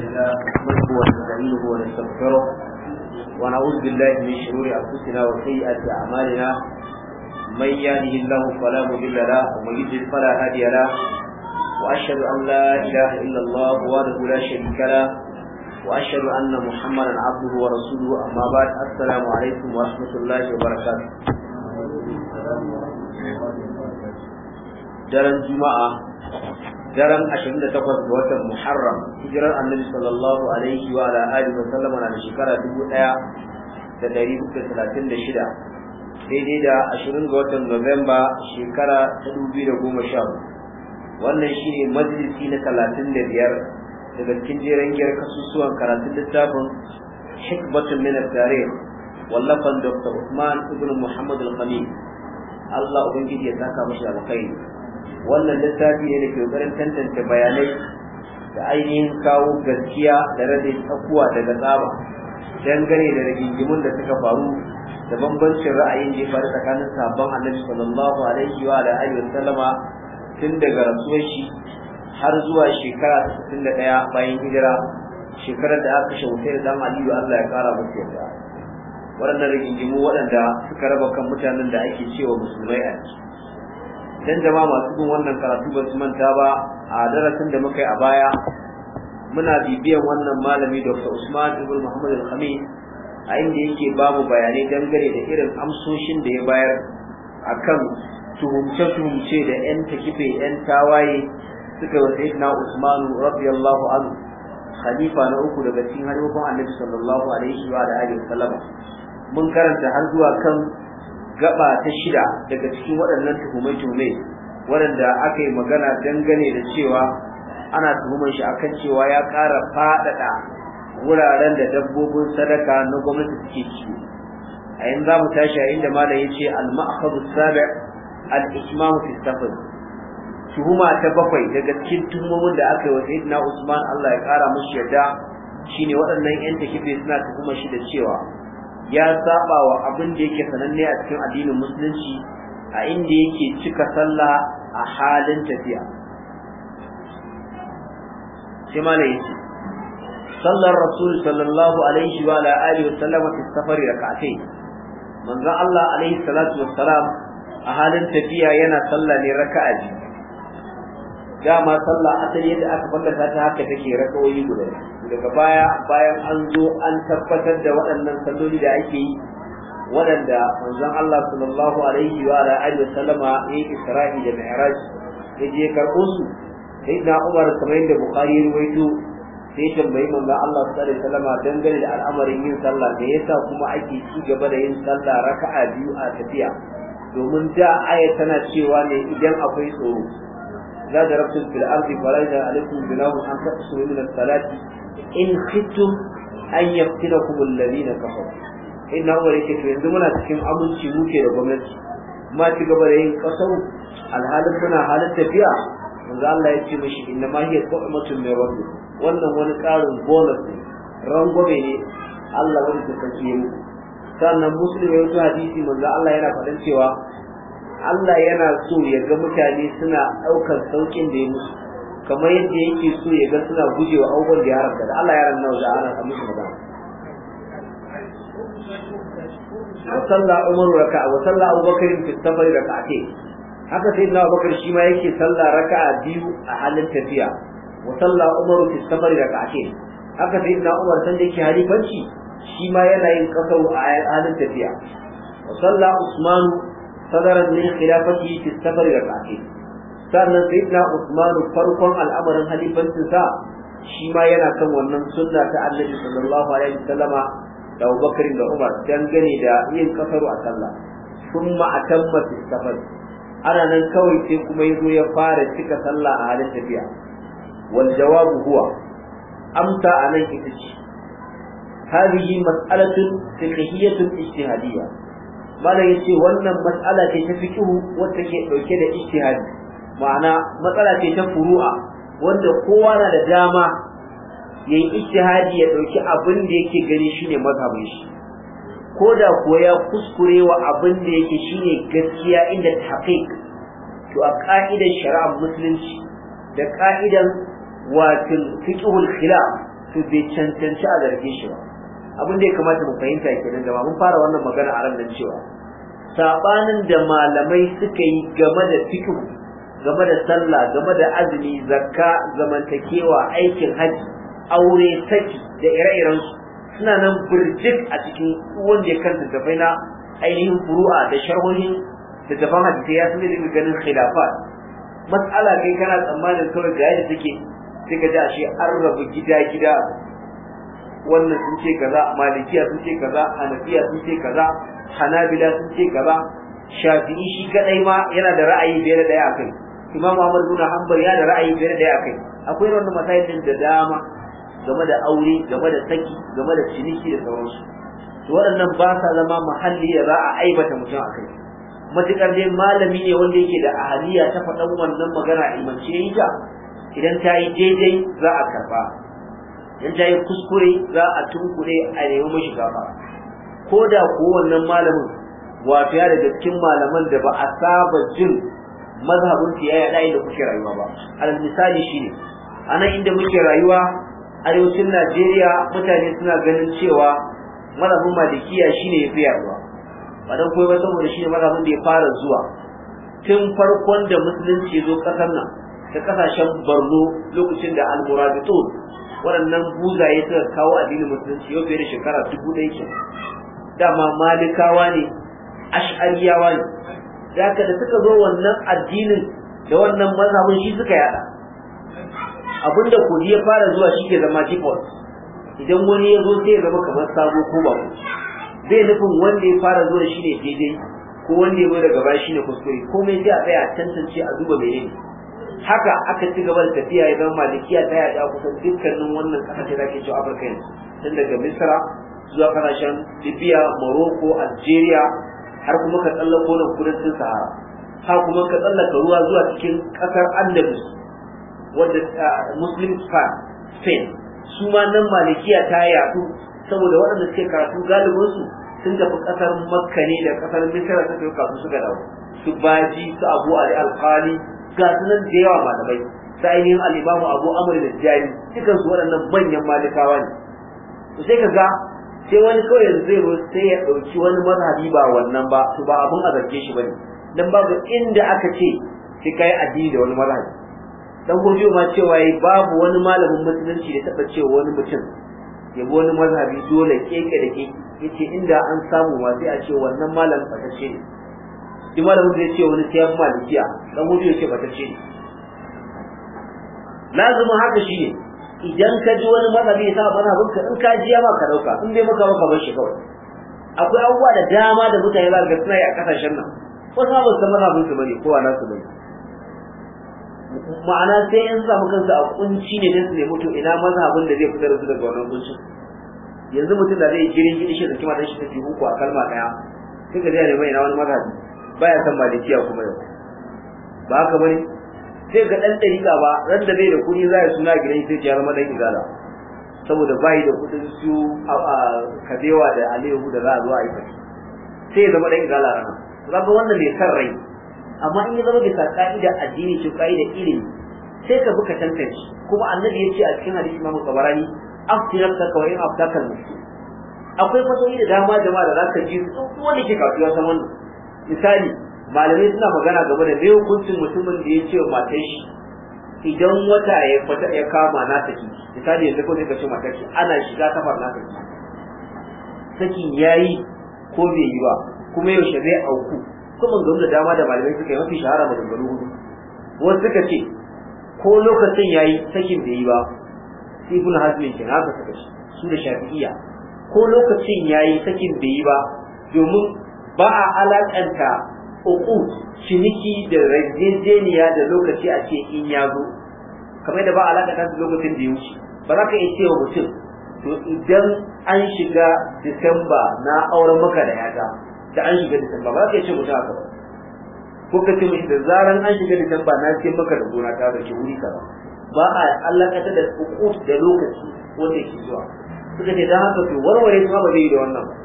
لله نحمده ونستعينه ونستغفره ونعوذ بالله من شرور انفسنا وسيئات اعمالنا من يهده الله فلا مضل له ومن يضلل فلا هادي له واشهد ان لا اله الا الله وحده لا شريك له واشهد ان محمدا عبده ورسوله اما بعد السلام عليكم ورحمه الله وبركاته daren juma'a daren 28 ga watan Muharram hijirar Annabi sallallahu alaihi wa ala alihi wa sallam na shekara 1436 daidai da 20 ga watan Nuwamba shekara 2010 wannan shine majalisi na 35 daga cikin jerin giyar kasusuwan karatun littafin Hikbatun min at-Tarikh wallafan Dr. Usman ibn Muhammad al-Khamis Allah ubangiji ya saka mashi alkhairi wannan littafi ne da ke ƙoƙarin tantance bayanai da ainihin kawo gaskiya da rage tsakuwa daga tsaba dangane da rigingimun da suka faru da bambancin ra'ayin da ya faru tsakanin sabon annabi sallallahu alaihi wa alihi wa sallama tun daga rasuwar shi har zuwa shekara da ɗaya bayan hijira shekarar da aka kashe da dan Aliyu Allah ya kara masa yarda waɗannan rigingimu waɗanda suka raba kan mutanen da ake cewa musulmai a ciki dan jama masu bin wannan karatu ba su manta ba a darasin da muka yi a baya muna bibiyan wannan malami Dr. Usman Ibn Muhammad al khami a inda yake babu bayanai dangane da irin amsoshin da ya bayar akan tuhumce-tuhumce da 'yan takife 'yan tawaye suka wa sayyidina Usman radiyallahu anhu khalifa na uku daga cikin halifan Annabi sallallahu alaihi wa alihi wa sallam mun karanta har zuwa kan gaba ta shida daga cikin waɗannan tuhumai-tuhumai waɗanda aka yi magana dangane da cewa ana tuhumar shi akan cewa ya ƙara faɗaɗa wuraren da dabbobin sadaka na gwamnati suke ciki. a yin za mu tashi a inda malam ya ce al Sabe sabi al-ismamu tuhuma ta bakwai daga cikin tuhumomin da aka yi wa sayyidina Usman Allah ya ƙara mushi yadda shine waɗannan yan takibe suna tuhumar shi da cewa ya saba wa abin da yake sananne a cikin addinin musulunci a inda yake cika sallah a halin tafiya sai malai yace sallar rasul sallallahu alaihi wa ala alihi wa sallam fi safari rak'atai manzo Allah alaihi salatu wassalam a halin tafiya yana sallah ne raka'a biyu dama sallah asali yadda aka fallasa ta haka take raka'o'i guda biyu daga baya bayan an zo an tabbatar da waɗannan salloli da ake yi waɗanda manzon Allah sallallahu alaihi wa alihi wa sallama ya Isra'i da Mi'raj ya je karɓo su sai na Umar kamar yadda Bukhari ya rawaito sai tambayi manzon Allah sallallahu alaihi wa sallama dangane da al'amarin yin sallah me yasa kuma ake ci gaba da yin sallah raka'a biyu a tafiya domin da aya tana cewa ne idan akwai tsoro la darabtum fil ardi fala alaikum binahu an taqsu min as-salati in khiftum an yaftinakum alladhina kafaru na, umar yake to yanzu muna cikin aminci muke da gwamnati ma ci gaba da yin kasar alhalin muna halin tafiya yanzu Allah ya ce mishi inna ma hiya qawmatun min rabbi wannan wani karin bonus ne rangwame ne Allah wani da kake yi sannan muslim ya yi hadisi manzo Allah yana faɗin cewa Allah yana so ya ga mutane suna ɗaukar saukin da ya musu kamar yadda yake so ya ga suna gujewa abubuwan da ya haramta da Allah ya ranna da ana samu shi magana وصلى عمر ركعة وصلى أبو بكر في السفر ركعتين haka sai na Abubakar shi ma yake sallah raka'a biyu a halin tafiya wa sallah umar fi safar raka'atin haka sai na umar san da yake halifanci shi ma yana yin kasar a halin tafiya wa sallah usman sadaran min khilafati fi safar raka'atin sannan sayyidina Usmanu farkon al'amarin halifancin sa shi ma yana kan wannan sunna ta Annabi sallallahu alaihi wasallama da Abubakar da Umar dangane da yin kasaru a sallah thumma atamma fi safar ana nan kawai sai kuma yazo ya fara cika sallah a halin tafiya wal jawabu huwa amsa anan ita ce هذه مسألة فقهية اجتهادية ما لا يسي ولن مسألة تفكه وتكيد اجتهادي ma'ana matsala ce ta furu'a wanda kowa na da dama ya yi ijtihadi ya ɗauki abin da yake gani shine mazhabin shi ko da kuwa ya kuskure wa abin da yake shine gaskiya inda taqiq to a ka'idar shari'ar musulunci da ka'idar watin fiqhul khilaf to bai cancanci a zarge shi ba abin da ya kamata mu fahimta kenan da mun fara wannan magana a ran cewa sabanin da malamai suka yi game da fiqh game da sallah game da azumi zakka zamantakewa aikin haji aure saki da ire-iren su suna nan birjik a cikin wanda ya kanta tafai na ainihin furu'a da sharhohin da tafan hadisi ya sun da ganin Khilafa. mas'ala kai kana tsammanin kawai ga yadda take sai ka ji shi an rabu gida-gida wannan sun ce kaza malikiya sun ce kaza hanafiya sun ce kaza hanabila sun ce kaza shafi'i shi kadai ma yana da ra'ayi biyar da daya kai Imam Ahmad bin Hanbal ya da ra'ayi biyar da kai. akwai wannan masailin da dama game da aure game da saki game da ciniki da sauransu to waɗannan ba sa zama mahalli da za a aibata mutum akai matukar dai malami ne wanda yake da ahaliya ta faɗan wannan magana ilmance yi ta idan ta yi daidai za a karba idan ta yi kuskure za a tunkure a nemi mashi gaba ko da ko wannan malamin wato ya da cikin malaman da ba a saba jin mazhabin su ya yaɗa inda kuke rayuwa ba al misali shine anan inda muke rayuwa arewacin Najeriya mutane suna ganin cewa mazhabin malikiya shine ya fi yaduwa ba dan koyi ba saboda shine mazhabin da ya fara zuwa tun farkon da musulunci zo kasar nan da kasashen Borno lokacin da al-Murabitun waɗannan buzaye suka kawo addinin musulunci yau fiye da shekara dubu ɗaya dama malikawa ne ash'ariyawa ne da da suka zo wannan addinin da wannan mazhabin shi suka yada abinda kodi ya fara zuwa shi ke zama default idan wani ya zo sai ya zama kamar sabo ko ba zai nufin wanda ya fara zuwa shi ne daidai ko wanda ya zo daga baya shi ne kuskure komai sai a tsaya a tantance a duba menene haka aka ci gaba da tafiya ya zama malikiya ta yaɗa kusan dukkanin wannan ƙasa ce zaki cewa afirka yanzu tun daga misra zuwa ƙasashen libya morocco algeria har kuma ka tsallako nan kudancin sahara ha kuma ka tsallaka ruwa zuwa cikin kasar andalus wadda muslim fan spain su ma nan malikiya ta yadu saboda waɗanda suke karatu galibin su sun tafi kasar makka ne da kasar misira ta kai kasu suka dawo su baji su abu ali alqali ga su nan da yawa malamai ta ainihin al'imamu abu amur da jari dukansu waɗannan manyan malikawa ne sai ka ga sai wani kawai yanzu zai zo sai ya ɗauki wani mazhabi ba wannan ba to ba abin a zarge shi bane dan babu inda aka ce sai kai addini da wani mazhabi dan gurbiyo ma cewa yi babu wani malamin musulunci da taba cewa wani mutum ya bi wani mazhabi dole keke da keke yace inda an samu ma sai a ce wannan malamin fatacce ne shi malamin zai ce wani sai ya malikiya dan gurbiyo ce fatacce ne lazumin haka shine idan ka ji wani mazhabi ya saba mazhabin ka in ka ji ya ma ka dauka in bai maka maka bar shi kawai akwai abubuwa da dama da mutane za ga suna yi a kasashen nan wasu ma ba su san mazhabin su bane ko ana su bane ma'ana sai in samu kansu a kunci ne don su ne mutu, ina mazhabin da zai fitar su daga wannan kunci yanzu mutum da zai girin gidi shi da kima dan shi tafi uku a kalma daya sai ga zai nemi ina wani mazhabi baya san malikiya kuma yau ba haka bane sai ga dan dariƙa ba ran da bai da kuɗi za ya suna gidan sai ya zama dan igala saboda bai da kuɗin su kabewa da alehu da za a zo a yi sai ya zama dan igala rana zaka wannan mai san rai amma in ya zama bisa ka'ida addini ce ka'ida ilimi sai ka buka tantance kuma annabi ya ce a cikin hadisi imamu tabarani afti nafsaka wa wa'in afta kan muslim akwai fasoyi da dama jama'a da za ka ji wani ke kasuwa ta wannan misali malamai suna magana game da me hukuncin mutumin da ya ce wa matar shi idan wata ya fata ya kama na saki misali yanzu ko ka ce matar shi ana shiga safar na saki sakin yayi ko bai yi ba kuma yaushe zai auku kuma ga da dama da malamai suka yi mafi shahara maganganu hudu wasu suka ce ko lokacin yayi sakin bai yi ba ibn hazmin ke haka suka ce su da shafi'iyya ko lokacin yayi sakin bai yi ba domin ba a alakanta uku ciniki da rajejeniya da lokaci a ce in ya zo kamar da ba alaƙa ta lokacin da ya wuce ba za ka iya cewa mutum to idan an shiga disamba na auren maka da yata da an shiga disamba ba za ka iya ce mutum haka ba ko ka ce mishi da zaran an shiga disamba na ce maka da gona ta da ke wuri ka ba ba a ta da uku da lokaci wanda yake zuwa suka ce don haka to warware su ba zai yi da wannan ba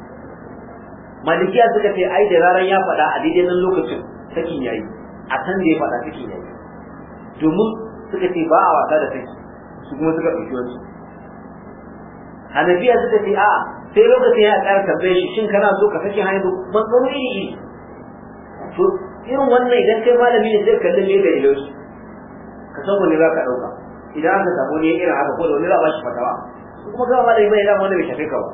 malikiya suka ce ai da zaran ya faɗa a daidai nan lokacin sakin ya yi, a san da ya faɗa sakin yi. domin suka ce ba a wasa da saki su kuma suka ɗauki wasu hanafiya suka ce a sai lokacin ya ƙara tambaye shi shin kana so ka saki haihu matsaro iri iri to irin wannan idan kai malami ne zai kalli ne da su ka san wani za ka ɗauka idan aka samu ne irin haka ko da wani za a ba shi fatawa kuma kawai malami bai dama wani bai shafe ka ba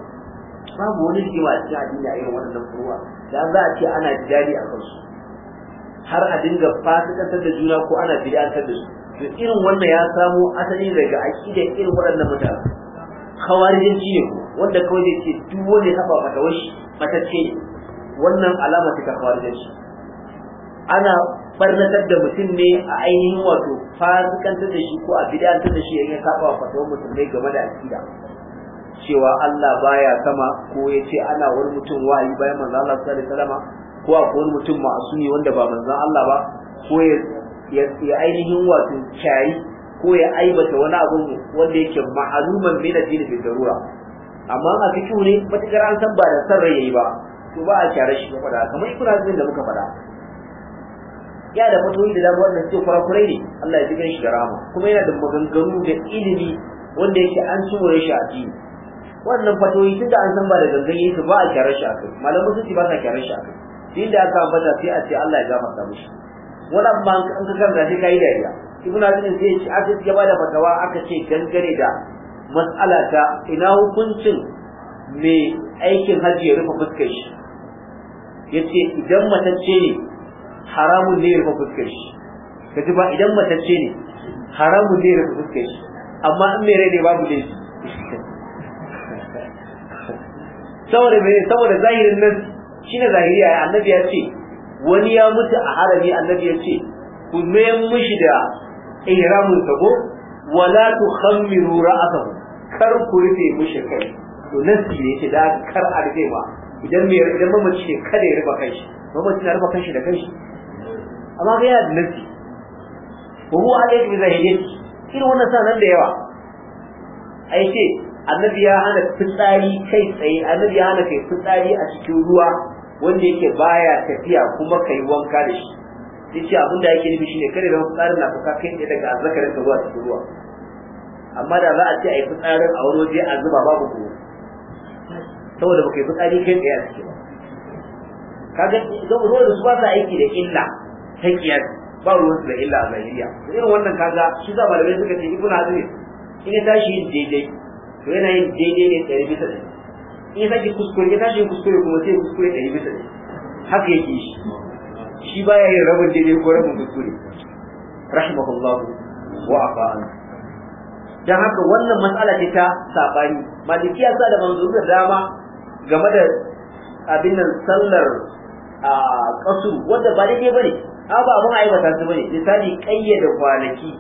babu wani rigima a cikin addini a irin waɗannan furuwa da za a ce ana jidali a kansu har a dinga fasikantar da juna ko ana bid'antar da su to irin wannan ya samo asali daga aqida irin waɗannan mutane kawarijinci ne wanda kawai zai ce duk wanda ya saba fatawar shi matacce ce wannan alama ce ta shi. ana barnatar da mutum ne a ainihin wato fasikantar da shi ko a bid'antar da shi yayin saba fatawar mutum ne game da aqida cewa Allah baya sama ko ya ce ana wani mutum wayi bayan manzo Allah sallallahu alaihi wasallam ko akwai wani mutum ma'asumi wanda ba manzo Allah ba ko ya ainihin wato kya'i, ko ya aibata wani abu wanda yake ma'aluman min addini bi darura amma a cikin ne matakar an san ba da san rai yayi ba to ba a kyara shi ba da kamar ibnu zai da muka fada ya da fatoyi da dama wannan sai kurakurai ne Allah ya ji gan shi da rama kuma yana da maganganu da ilimi wanda yake an tsoro shi a jini wannan fatoyi tun da an san ba da gangan yake ba a kyaran shi akai malamu sun ce ba sa kyaran shi akai din da aka ambata sai a ce Allah ya gafarta mishi wala ba an ka da shi kai dariya ibn azin sai ce aka ci gaba da fatawa aka ce gangare da mas'ala ta ina hukuncin me aikin haji ya rufe fuskar shi yace idan matacce ne haramun ne ya rufe fuskar shi kaji ba idan matacce ne haramun ne ya rufe fuskar shi amma in mai rai ne babu laifi saboda mene saboda zahirin nan shine zahiriya annabi ya ce wani ya mutu a harami annabi ya ce ku mayan mishi da ihramin sa ko wala tukhammiru ra'atahu kar ku rufe mishi kai to nasi ne ce da kar a rufe ba idan mai idan mamaci ne kada ya rufe shi mamaci na rufe shi da shi amma ga yana da nasi wa huwa alayhi bi zahiriyati irin wannan sanan da yawa ai ce annabi ya hana fitsari kai tsaye annabi ya hana kai fitsari a cikin ruwa wanda yake baya tafiya kuma kai wanka da shi yace abin da yake nufi shine kare da fitsarin na fuka kai tsaye daga azzakarin ka zuwa cikin ruwa amma da za a ce a yi fitsarin a wani waje a zuba babu ko saboda ba kai fitsari kai tsaye a cikin kaga ruwa da su ba sa aiki da illa ta kiyasi ba ruwansu da illa a zahiriya irin wannan kaga shi za malamai suka ce ibnu hazmi in ya tashi yin daidai to yana yin daidai ne ɗari bisa da in ya sake kuskure ya tashi kuskure kuma sai kuskure ɗari bisa ɗari haka yake shi shi baya yin rabin daidai ko rabin kuskure rahimahullahu wa afa an dan haka wannan matsala ce ta sabani malikiya sa da manzuru da dama game da abin nan sallar a kasu wanda ba daidai bane a ba abin aibata su bane misali kayyade kwanaki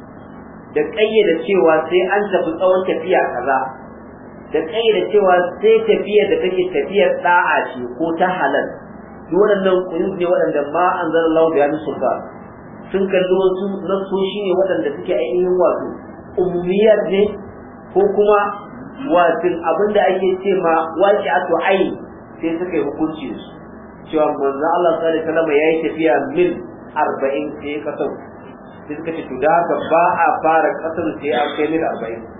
da kayyada cewa sai an tafi tsawon tafiya kaza da tsaye da cewa sai tafiyar da take tafiyar da'a ce ko ta halal nan nan ku ne waɗanda ma an zara lau da yanin ba, sun kalli wasu shi ne waɗanda suke ainihin wato ummiyar ne ko kuma wato abin da ake ce ma waƙi ato ai sai suka yi hukunci su cewa manzo Allah sallallahu alaihi wasallam yayi tafiya mil 40 sai kasau sai suka ce to da ba a fara kasar sai kai mil 40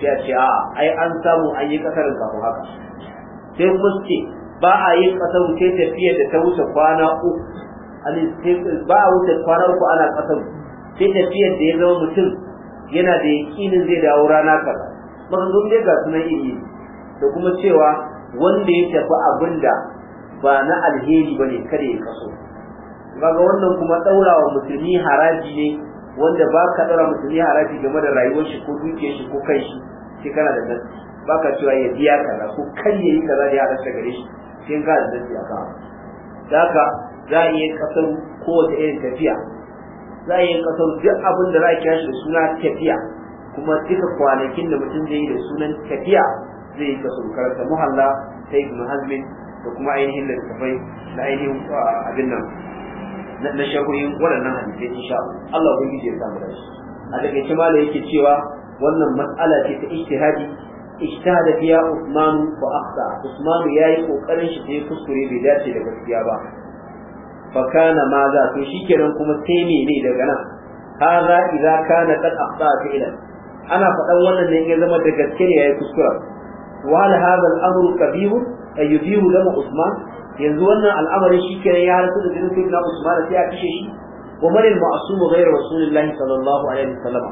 sai ce a ai an samu an yi kasarin kafin haka sai kuma ce ba a yin kasar sai tafiya da ta wuce kwana uku ba a wuce kwana uku ana kasar sai tafiyar da ya zama mutum yana da yakinin zai dawo rana kaza maganganu dai ga sunan iri da kuma cewa wanda ya tafi abin da ba na alheri ba ne kada ya kaso kaga wannan kuma ɗaura wa musulmi haraji ne wanda ba ka ɗora musulmi harafi game da rayuwar shi ko dukiyar shi ko kai shi sai kana da nasi ba ka cewa ya biya na ko kan ya yi za da ya ta gare shi sai ka da nasi a kawo. da ka, za a iya kasar kowace irin tafiya za a iya kasar duk abin da za a kira shi da suna tafiya kuma duka kwanakin da mutum zai yi da sunan tafiya zai yi kasar karanta muhalla sai ibn hazmin da kuma ainihin littattafai na ainihin ah, abin nan na shagoyin waɗannan hadisai insha Allah ubangiji ya samu dashi a da takaice mala yake cewa wannan matsala ce ta ijtihadi ijtihada fiya Usman fa akhta Usman yayi kokarin shi sai kuskure bai dace da gaskiya ba fa kana ma za to shikenan kuma sai me mene daga nan hadha idza kana qad akhta fi'lan ana faɗan wannan ne ya zama da gaske ne yayi kuskura wa hal hadha al-amru kabir ayyubihu lahu Usman yanzu wannan al'amarin shi kenan ya rasu da jinin sayyidina Usman sai a kashe shi wa man al-ma'sum ghayra rasulillahi sallallahu alaihi wasallam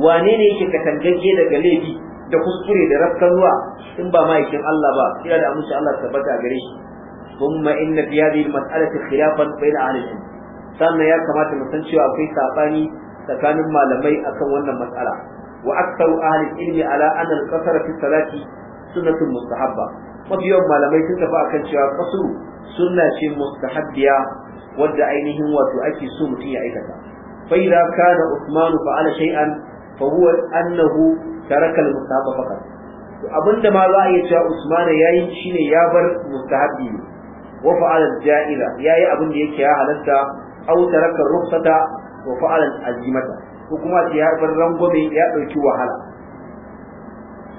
wane ne yake katangagge daga laifi da kuskure da ruwa? in ba ma'aikin Allah ba sai da amsa Allah tabbata gare shi thumma inna fi hadhihi al-mas'alati khilafan bayna ahli sannan ya kamata mu san cewa akwai sabani tsakanin malamai akan wannan matsala. wa aktsaru ahli al-ilmi ala anna al-qasara fi salati sunnatun mustahabba mafi yawan malamai sun tafi akan cewa kasu sunna ce mustahabbiya wadda ainihin wato ake so mutum ya aikata fa idza kana usman fa'ala shay'an fa huwa annahu taraka al-mustahab faqat abinda ma za a iya cewa usman yayi shine ya bar mustahabbi ne wa fa'ala al-ja'ila yayi abin da yake ya halatta aw taraka ar-rukhsata wa fa'ala al-azimata ko kuma ya bar rangwame ya dauki wahala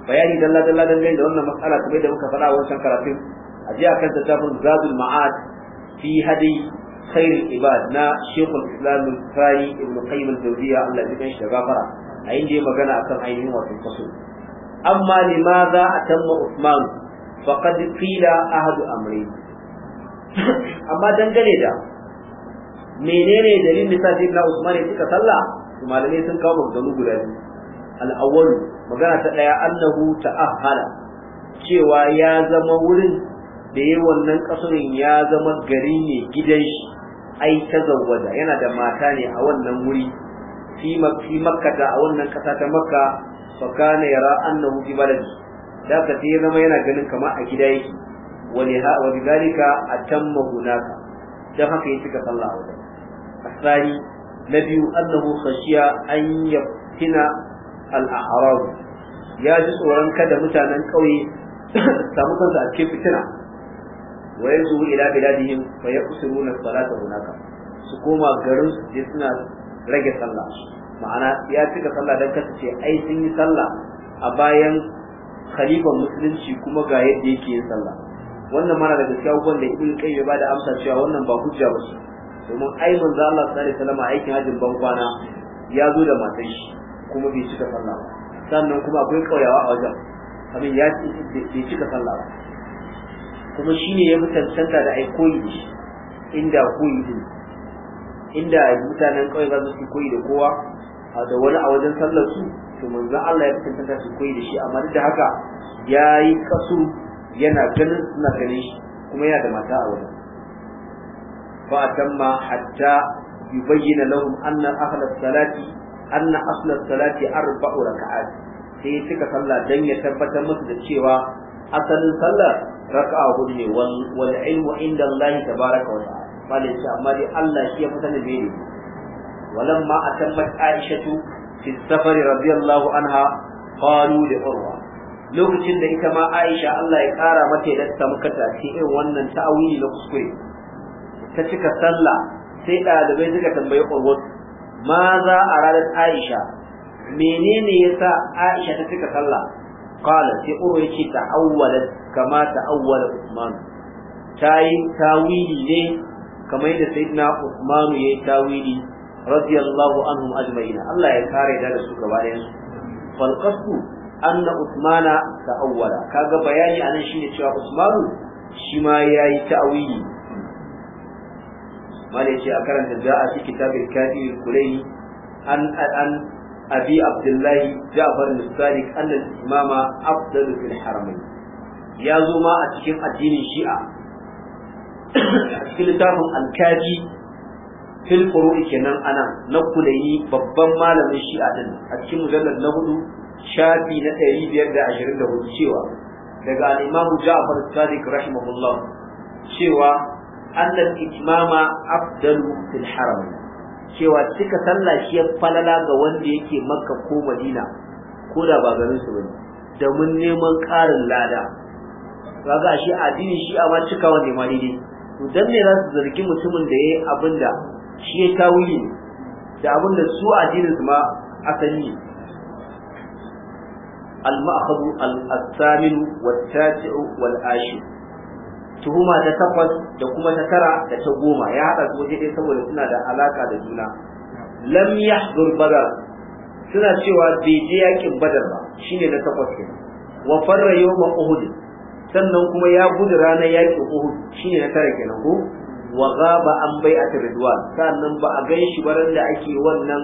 bayani dalla dalla dangane da wannan matsala kuma da muka faɗa wancan karatun a jiya kan tattafin zadul ma'ad fi hadi khair ibad na shaykh al-islam al-fari ibn qayyim al-jawziyya Allah ya bin shi a inda ya magana akan ainihin wato kaso amma limadha atamma usman faqad qila ahadu amri amma dangane da menene dalilin da sa sayyidina usman ya cika sallah malamai sun kawo maganganu guda biyu al-awwal magana ta ɗaya annahu ta'ahhala cewa ya zama wurin da yi wannan kasurin ya zama gari ne gidan shi ai ta zawwada yana da mata ne a wannan wuri fi a wannan kasa ta makka fa kana yara annahu fi baladi da ka ce zama yana ganin kama a gida yake wani ha wa bidalika atamma hunaka dan haka yake ka sallah a wajen asali na biyu annahu khashiya an yaftina al ya ji tsoron kada mutanen ƙauye samu kansu a cikin fitina wa yazu ila biladihim fa yaqsuruna salata hunaka su koma garin su je suna rage sallah ma'ana ya cika sallah dan kasu ce ai sun yi sallah a bayan khalifan musulunci kuma ga yadda yake yin sallah wannan mana da gaskiya wanda da ibn kai ya bada amsa cewa wannan ba hujja ba domin ai manzo Allah sallallahu alaihi wasallam aikin hajjin ban kwana ya zo da matan kuma bai cika sallah ba sannan kuma akwai ƙauyawa a wajen abin ya bai cika sallah ba kuma ne ya fi tantanta da ai koyi da shi inda koyi din inda mutanen ƙauye za su koyi da kowa da wani a wajen sallar su to manzo Allah ya fi tantanta su koyi da shi amma duk da haka yayi kasu yana ganin suna ganin shi kuma yana da mata a wajen fa tamma hatta yubayyana lahum anna ahla salati anna asla salati arba'u raka'at sai ya cika sallah don ya tabbatar musu da cewa asalin sallah raka'a hudu ne wal ilmu inda Allah tabaraka wa ta'ala malai ce amma dai Allah shi ya da fi sanin me ne walamma atammat aishatu fi safar radiyallahu anha qalu li urwa lokacin da ita ma Aisha Allah ya kara mata yadda ta muka ta irin wannan ta'awili na kuskure ta cika sallah sai ɗalibai suka tambayi urwa ma za a ranar aisha menene yasa aisha ta cika sallah qala sai uru yake ta'awwalat kama ta ta'awwala usman tayi tawili ne kamar yadda sayyidina usman yayi tawili radiyallahu anhu ajma'ina Allah ya kare da su gaba da su fal qasdu anna usmana awwala kaga bayani anan shine cewa usmanu shi ma yayi ta'wili mala yace a karanta a fi kitabil kafi kulayni an an abi abdullahi ja'far al-sadiq anna imama afdalu fil haramain ya zo ma a cikin addinin shi'a a cikin littafin al-kafi fil furu'i kenan ana na kulayni babban malamin shi'a din a cikin mujallad na hudu shafi na 524 cewa daga al-imamu ja'far al-sadiq rahimahullah cewa annal itmama afdalu fil haram cewa cika sallah shi falala ga wanda yake makka ko madina ko da ba garin su bane da mun neman ƙarin lada kaga shi addini shi a ma cika wanda ma dai to dan ne za su zargi mutumin da yayi abinda shi ya tawili da abinda su addinin su ma asali al-ma'khadhu al-thamin wat-tasi'u wal-ashir tuhuma ta takwas da kuma ta tara da ta goma ya haɗa su waje ɗaya saboda suna da alaka da juna lam yahdur badar suna cewa bai je yakin badar ba shine na takwas kenan wa farra yawma uhud sannan kuma ya gudu ranar yakin uhud shine na tara kenan ko wa ghaba an bai'at ridwan sannan ba a gan shi baran da ake wannan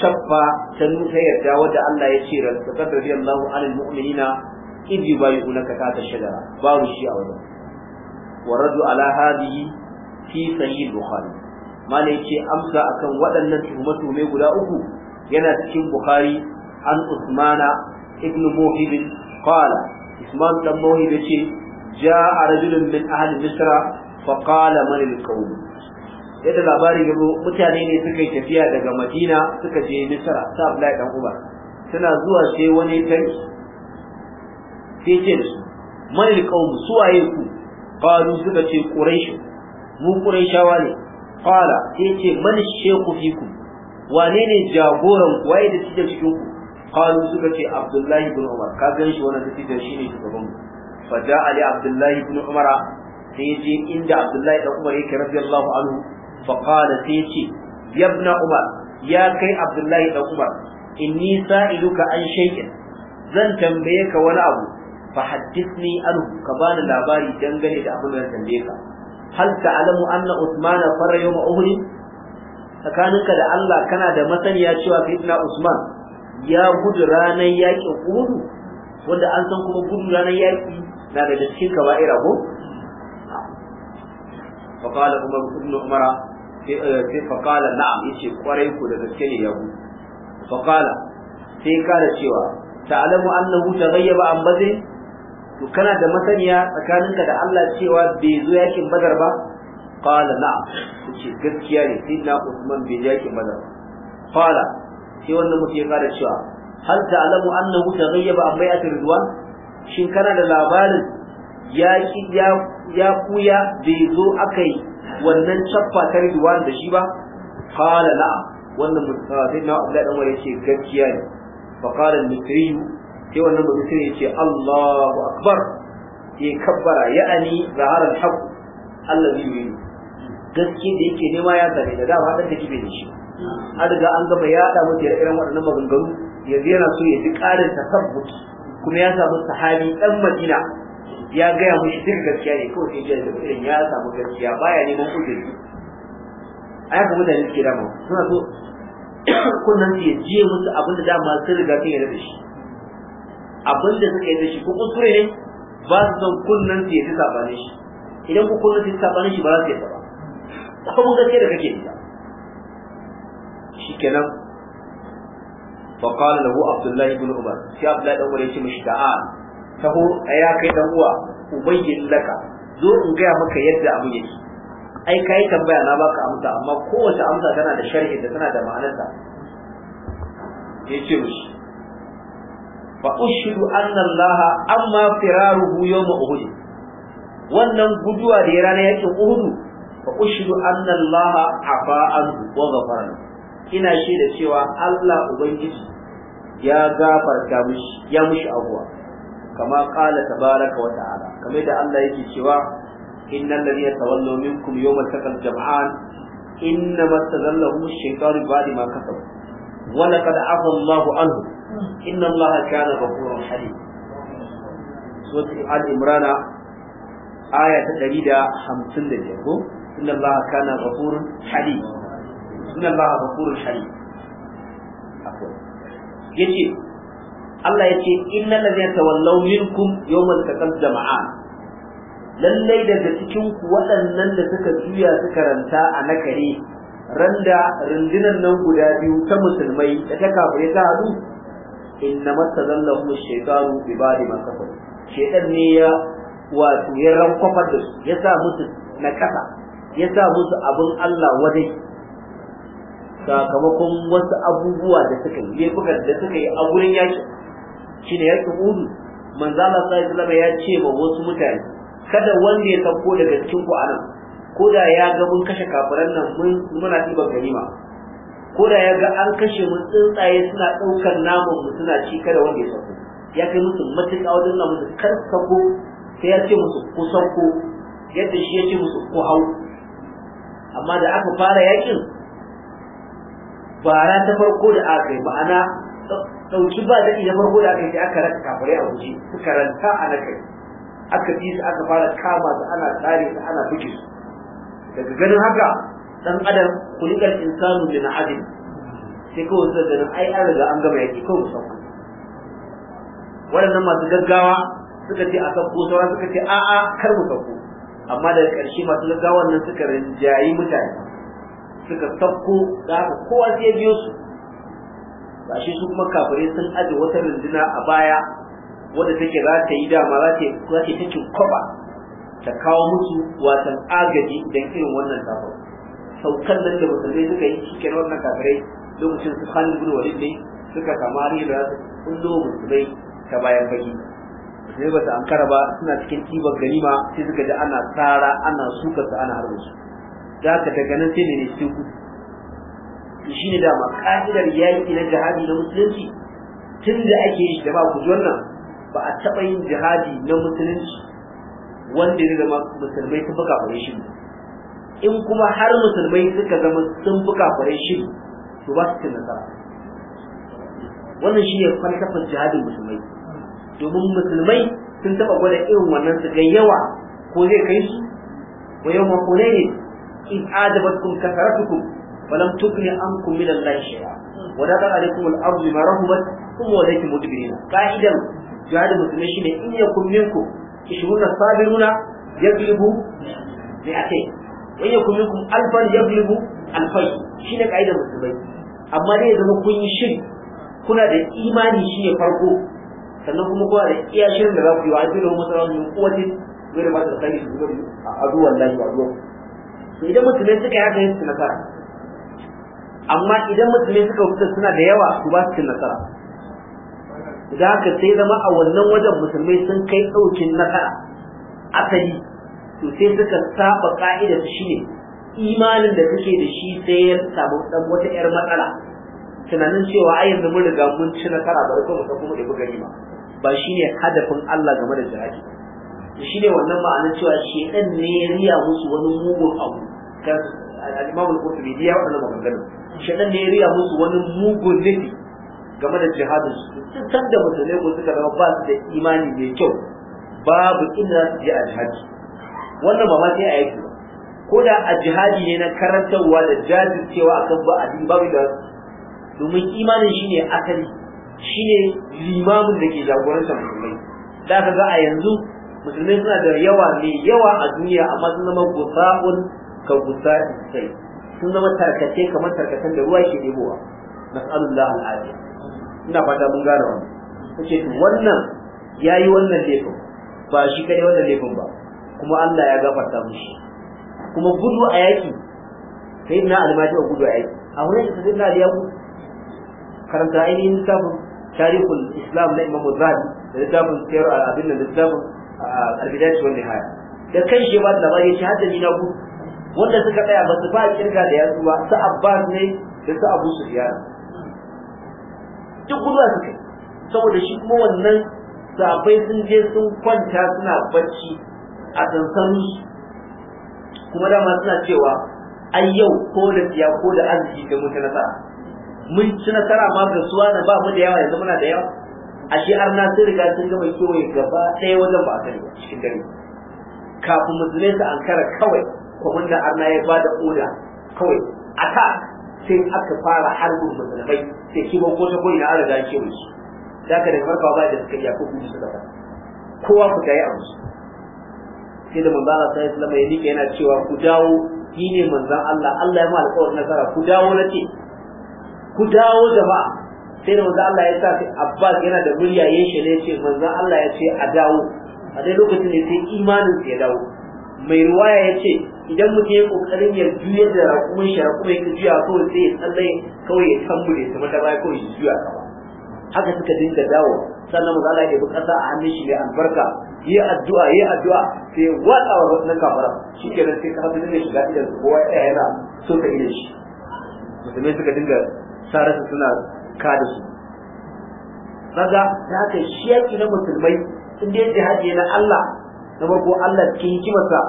chaffa ta nuta yarda wadda Allah ya ce ran ta radiyallahu anil mu'minina idh yubayyi'unaka ta shajara babu shi a wajen wa radu ala hadihi fi sahih bukhari mala yace amsa akan waɗannan tuhume-tuhume guda uku yana cikin bukhari an usmana Ibnu muhib qala usman dan muhib ce, ja rajulun min ahli misra fa qala man qawm yadda labarin zo mutane ne suka yi tafiya daga madina suka je misra ta abdullahi dan umar suna zuwa sai wani tanki sai ce man al suwaye ku qalu suka ce quraish mu quraishawa ne qala sai ce man shaykhu fikum wane ne jagoran ku waye da cikin cikin ku qalu suka ce abdullahi ibn umar ka gan shi wannan cikin shine shugaban fa ja'a ali abdullahi ibn umara sai ya je inda abdullahi dan umar yake radiyallahu anhu fa qala sai ya ce yabna umar ya kai abdullahi dan umar inni sa'iluka zan tambaye ka wani abu fa haddithni anhu ka bani labari dangane da abin da na tambaye ka hal ta'lamu anna Uthman farra yawm Uhud tsakaninka da Allah kana da masaniya cewa Sayyidina Usman ya gudu ranar yaƙin Uhud wanda an san kuma gudu ranar yaƙi na daga cikin kaba'ira ko فقال عمر بن عمر فقال نعم يشي قري كو da gaske ne ya yabo فقال sai kare cewa ta'lamu annahu taghayyaba an bazin to kana da masaniya tsakaninka da Allah cewa bai zo yakin badar ba qala na'am ce gaskiya ne sai na Usman bai je yakin badar qala sai wannan mutum ya kara cewa hal ta'lamu annahu taghayyaba an bai'atir ridwan shin kana da labarin ya ya ya kuya bai zo akai wannan chaffa ta ridwan da shi ba qala na'am wannan mutum sai na Abdullah dan wani ce gaskiya ne fa qala al-misri sai wannan mutum sai ya ce Allahu akbar ya kabbara ya'ani zahara al-haq allazi yuridu gaske da yake nema ya zare da dama dan take bai shi an riga an gama ya da mutum da irin waɗannan maganganu yanzu yana so ya ji ƙarin tasabbut kuma ya samu sahabi dan Madina ya gaya mushi duk gaskiya ne kawai sai da irin ya samu gaskiya baya neman uzuri a yaka mutane suke dama suna so kunnan su ya jiye musu abin da dama sun riga sun yarda da shi abin da suka yi da shi ko kuskure ne ba su zan kunnan su yi sabanin shi idan ku kunnan su yi sabanin shi ba za su yi ba akwai mun gaskiya da kake shi shikenan fa qala lahu abdullah ibn umar shi abdullah ibn umar ya ce mishi da'a taho ya kai dan uwa ubayyin laka zo in gaya maka yadda abin yake ai kai tambaya na baka amsa amma kowace amsa tana da sharhi da tana da ma'anarta ya ce mishi fa ushidu anna Allah amma firaruhu yawma Uhud wannan guduwa da ya rana yakin Uhud fa ushidu anna Allah afa an wa ghafara ina da cewa Allah ubangiji ya gafarta mishi ya mishi abuwa kama qala tabaraka wa ta'ala kamar da Allah yake cewa innal ladina tawallu minkum yawma taqal jam'an inna mastazallahu shaytanu ba'di ma kasabu wa laqad afa Allahu anhu inna Allaha kana ghafurur halim suratul aya ta 155 ko inna Allaha kana ghafurur halim inna Allaha ghafurur halim yace Allah yace innal ladzina tawallaw minkum yawmal taqal jama'an lallai daga cikin ku waɗannan da suka juya suka ranta a nakare randa rundunar nan guda biyu ta musulmai da ta kafirai ta hadu inna mastazallahum ash shekaru bi ba'di ma kafaru shaytan ne ya wato ya rankwafar da su ya sa musu na kasa ya sa musu abin Allah wadai sakamakon wasu abubuwa da suka yi laifukan da suka yi a wurin yaki shi ne yaki hudu Allah sa alaihi zama ya ce ma wasu mutane kada wanda ya sauko daga cikin ku anan ko da ya ga mun kashe kafiran nan mun muna ɗiban ganima ko da ya ga an kashe mun tsuntsaye suna ɗaukar naman mu suna ci kada wanda ya sauko ya kai musu matuƙa wajen nan musu kar sauko sai ya ce musu ku sauko yadda shi ya ce musu ku hau amma da aka fara yakin bara ta farko da aka yi ma'ana ɗauki ba daɗi da farko da aka yi aka raka kafirai a waje suka ranta a na kai aka fi su aka fara kama su ana tsare su ana buge su daga ganin haka dan adam kulikal insanu min adin sai kawai sai ganin ai an riga an gama yaki kawai sauka waɗannan masu gaggawa suka ce a sauko sauran suka ce a'a kar mu sauko amma daga ƙarshe masu gaggawan nan suka rinjayi mutane suka sauko da haka kowa sai biyo su ba shi su kuma kafirai sun aje wata rinjina a baya wadda take za ta yi dama za ta yi ta kwaba Da kawo musu watan agaji don irin wannan safar saukan nan da mutum zai suka yi cikin wannan kafirai lokacin su Khalid bin Walid ne suka kama hari da su kullo musulmai ta bayan fage sai ba su ankara ba suna cikin tibar ganima sai suka ji ana tsara ana suka su ana harbe su da haka daga nan sai ne ne cikin kudu shi ne dama ƙa'idar yaƙi na jihadi na musulunci tun da ake yi shi da ba ku ji wannan ba a taɓa yin jihadi na musulunci wanda ya zama musulmai sun fi kafirai shi in kuma har musulmai suka zama sun fi kafirai shi to ba su cin nasara wannan shi ne falsafar jihadin musulmai domin musulmai sun taɓa gwada irin wannan su ga yawa ko zai kai su wa yau ma kone ne in adabatkum kasaratukum falam tukni ankum min Allah shay'a wa da alaikum al-ardu ma rahubat kuma wa daykum mudbirina ka'idan jihadin musulmai shine in yakum minkum ishirun sabiruna yaglibu mi'atain wa yakum minkum alfan yaglibu alfai shine kaidar musulmai amma dai ya kun yi shiri kuna da imani shine farko sannan kuma kuna da iya shirin da za ku yi wa ajiyar masarar min kuwatin gwada ba ta sani su gudu a aduwan lafi wa aduwan idan musulmai suka yaka yin su nasara amma idan musulmai suka wuce suna da yawa su ba su cin nasara da haka sai zama a wannan wajen musulmai sun kai ɗaukin nasara asali to sai suka saba ka'idar shi ne imanin da suke da shi sai ya samu dan wata yar matsala tunanin cewa ai yanzu mun riga mun ci nasara bari ko mu kuma da bugari ba ba shine hadafin Allah game da jihadi shine wannan ma'anar cewa shedan ne ya riya musu wani mugun abu kan al-Imam al-Qurtubi ya wannan maganganu shedan ne ya riya musu wani mugun nufi game da jihadin su duk da musulmai ko suka zama ba su da imani mai kyau babu inda su je a jihadi wannan ba ma sai a yake ko da a jihadi ne na karantarwa da jajircewa akan ba addini babu da domin imanin shine asali shine limamin da ke jagorantar musulmai da aka za a yanzu musulmai suna da yawa mai yawa a duniya amma sun zama gusa'un ka gusa sai sun zama tarkace kamar tarkacen da ruwa ke ɗebowa nas'alullah al'afiya ina fata mun gane wannan kace to wannan yayi wannan laifin ba shi kai wannan laifin ba kuma Allah ya gafarta mishi kuma gudu a yaki sai na a gudu a yaki a wurin da sai na ya karanta ainihin tabu tarihul islam na imamu zahabi da littafin sayar a abin da littafin albidai wani haya da kan shi ba da labari shi hadda ni na gudu wanda suka tsaya ba su ba kirga da yatsu ba su abbas ne da su abu sufyan duk guduwa suka saboda shi kuma wannan safai sun je sun kwanta suna bacci a sansanin su kuma dama suna cewa ai yau ko da siya ko da arziki ga mun ci nasara mun ci nasara ma ga suwa na ba mu da yawa yanzu muna da yawa ashe har na sun riga sun gama kewaye gaba ɗaya wajen ba a sani ba cikin dare kafin musulmai su ankara kawai kwamandan arna ya ba da oda kawai a ta sai aka fara harbin musulmai ta kibo ko ta koyi na an riga ke su da ka daga farkawa ba da suka iya ko kuma suka fara kowa ku a musu? sai da manzon Allah sallallahu alaihi wasallam ya nike yana cewa ku dawo ni ne manzon Allah Allah ya ma alƙawarin nasara ku dawo na ce ku dawo jama'a sai da manzon Allah ya sa Abbas yana da murya ya shi ne ya ce manzan Allah ya ce a dawo a dai lokacin ne sai imanin ya dawo mai ruwaya ya ce idan mutum ya kokarin ya juya da rakumin shi rakumin ya juya kawai sai ya tsalle kawai ya tambule su mata baya kawai ya juya ba. haka suka dinga dawo sannan mu Allah ya bi a hannun shi mai albarka yi addu'a yi addu'a sai watsa wa wannan kafara nan sai kafa dinga shiga idan kowa ya yana so ka iya shi musulmai suka dinga sarasa suna kada su kaga da haka shi yaki na musulmai in dai jihadi na Allah na farko Allah cikin hikimarsa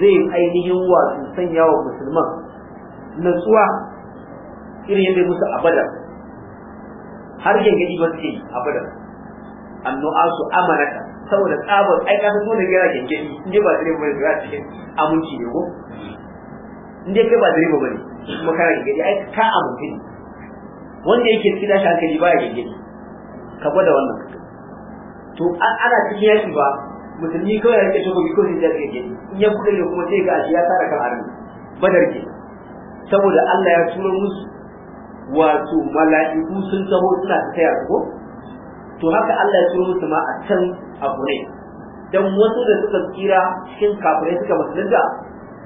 zai ainihin wasu sanya wa musulman natsuwa irin yadda musu abada har gangadi ba suke abada asu amanaka saboda tsabar ai ka so da gira gangadi in je ba direba ba da cikin aminci ne ko in je kai ba direba bane kuma kana gangadi ai ka aminci ne wanda yake cikin tashi ba baya gangadi ka gwada wannan to ana cikin yaki ba musulmi kawai ya rike takobi ko sai ya rike in ya buɗe ne kuma sai ga shi ya tara kan arni badar ke saboda Allah ya turo musu wato mala'iku sun taho suna taya su ko to haka Allah ya turo musu ma a can a ne? dan wasu da suka tsira cikin kafirai suka musulunta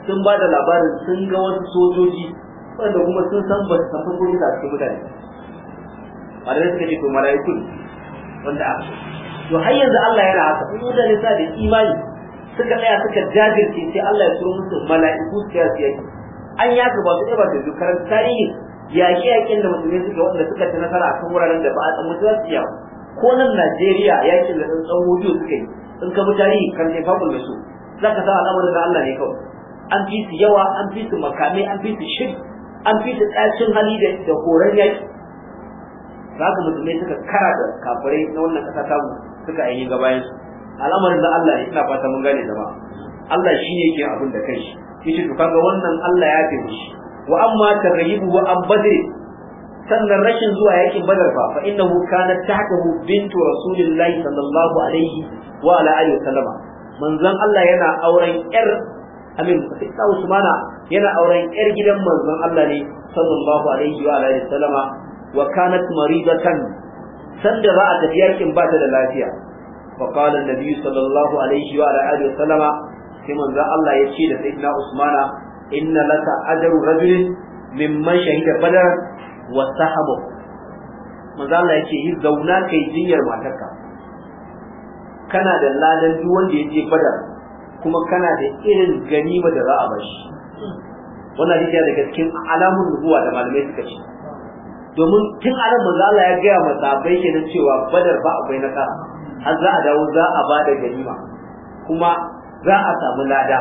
sun ba da labarin sun ga wasu sojoji wanda kuma sun san ba su tafi gurin da cikin mutane. da suka ce to mala'iku wanda aka to har yanzu Allah yana haka in da sa da imani suka tsaya suka jajirce sai Allah ya turo musu mala'iku su ya yaki an ya ba su ba da dukaran tarihi yaƙi yaƙin da musulmi suke wanda suka ci nasara kan wuraren da ba a tsammu za su iya ko nan Najeriya yaƙin da sun tsawo biyu suka yi in ka bi tarihi kan ne fakul da su za ka sa al'amarin da Allah ne kawai an fi su yawa an fi su makamai an fi su shiri an fi su ɗacin hali da horon yaƙi za ku musulmai suka kara da kafirai na wannan ƙasa samu suka ainihin ga bayan al'amarin da Allah ne ina fata mun gane jama'a Allah shi ne ke abin da kai yace to kaga wannan Allah ya tafi shi wa amma tarhibu wa abadri sannan rashin zuwa yakin badar fa fa innahu kanat tahtahu bintu rasulillahi sallallahu alaihi wa ala alihi wasallama manzon Allah yana auren yar amin sai Usmana yana auren yar gidan manzon Allah ne sallallahu alaihi wa ala alihi wasallama wa kanat maridatan sanda za a tafi yakin ba ta da lafiya fa qala biyu sallallahu alaihi wa alihi wa sallama sai manzo Allah ya ce da sayyidina Usmana inna laka ajru rajulin mimman shahida badar wa sahabu manzo Allah ya ce zauna kai jinyar matarka kana da ladan duk wanda ya je badar kuma kana da irin ganima da za a bashi wannan hadisi daga cikin alamun nubuwa da malamai suka ce domin tun anan nan ya gaya ma sahabbai kenan cewa badar ba akwai na kara har za a dawo za a ba da ganima kuma za a samu lada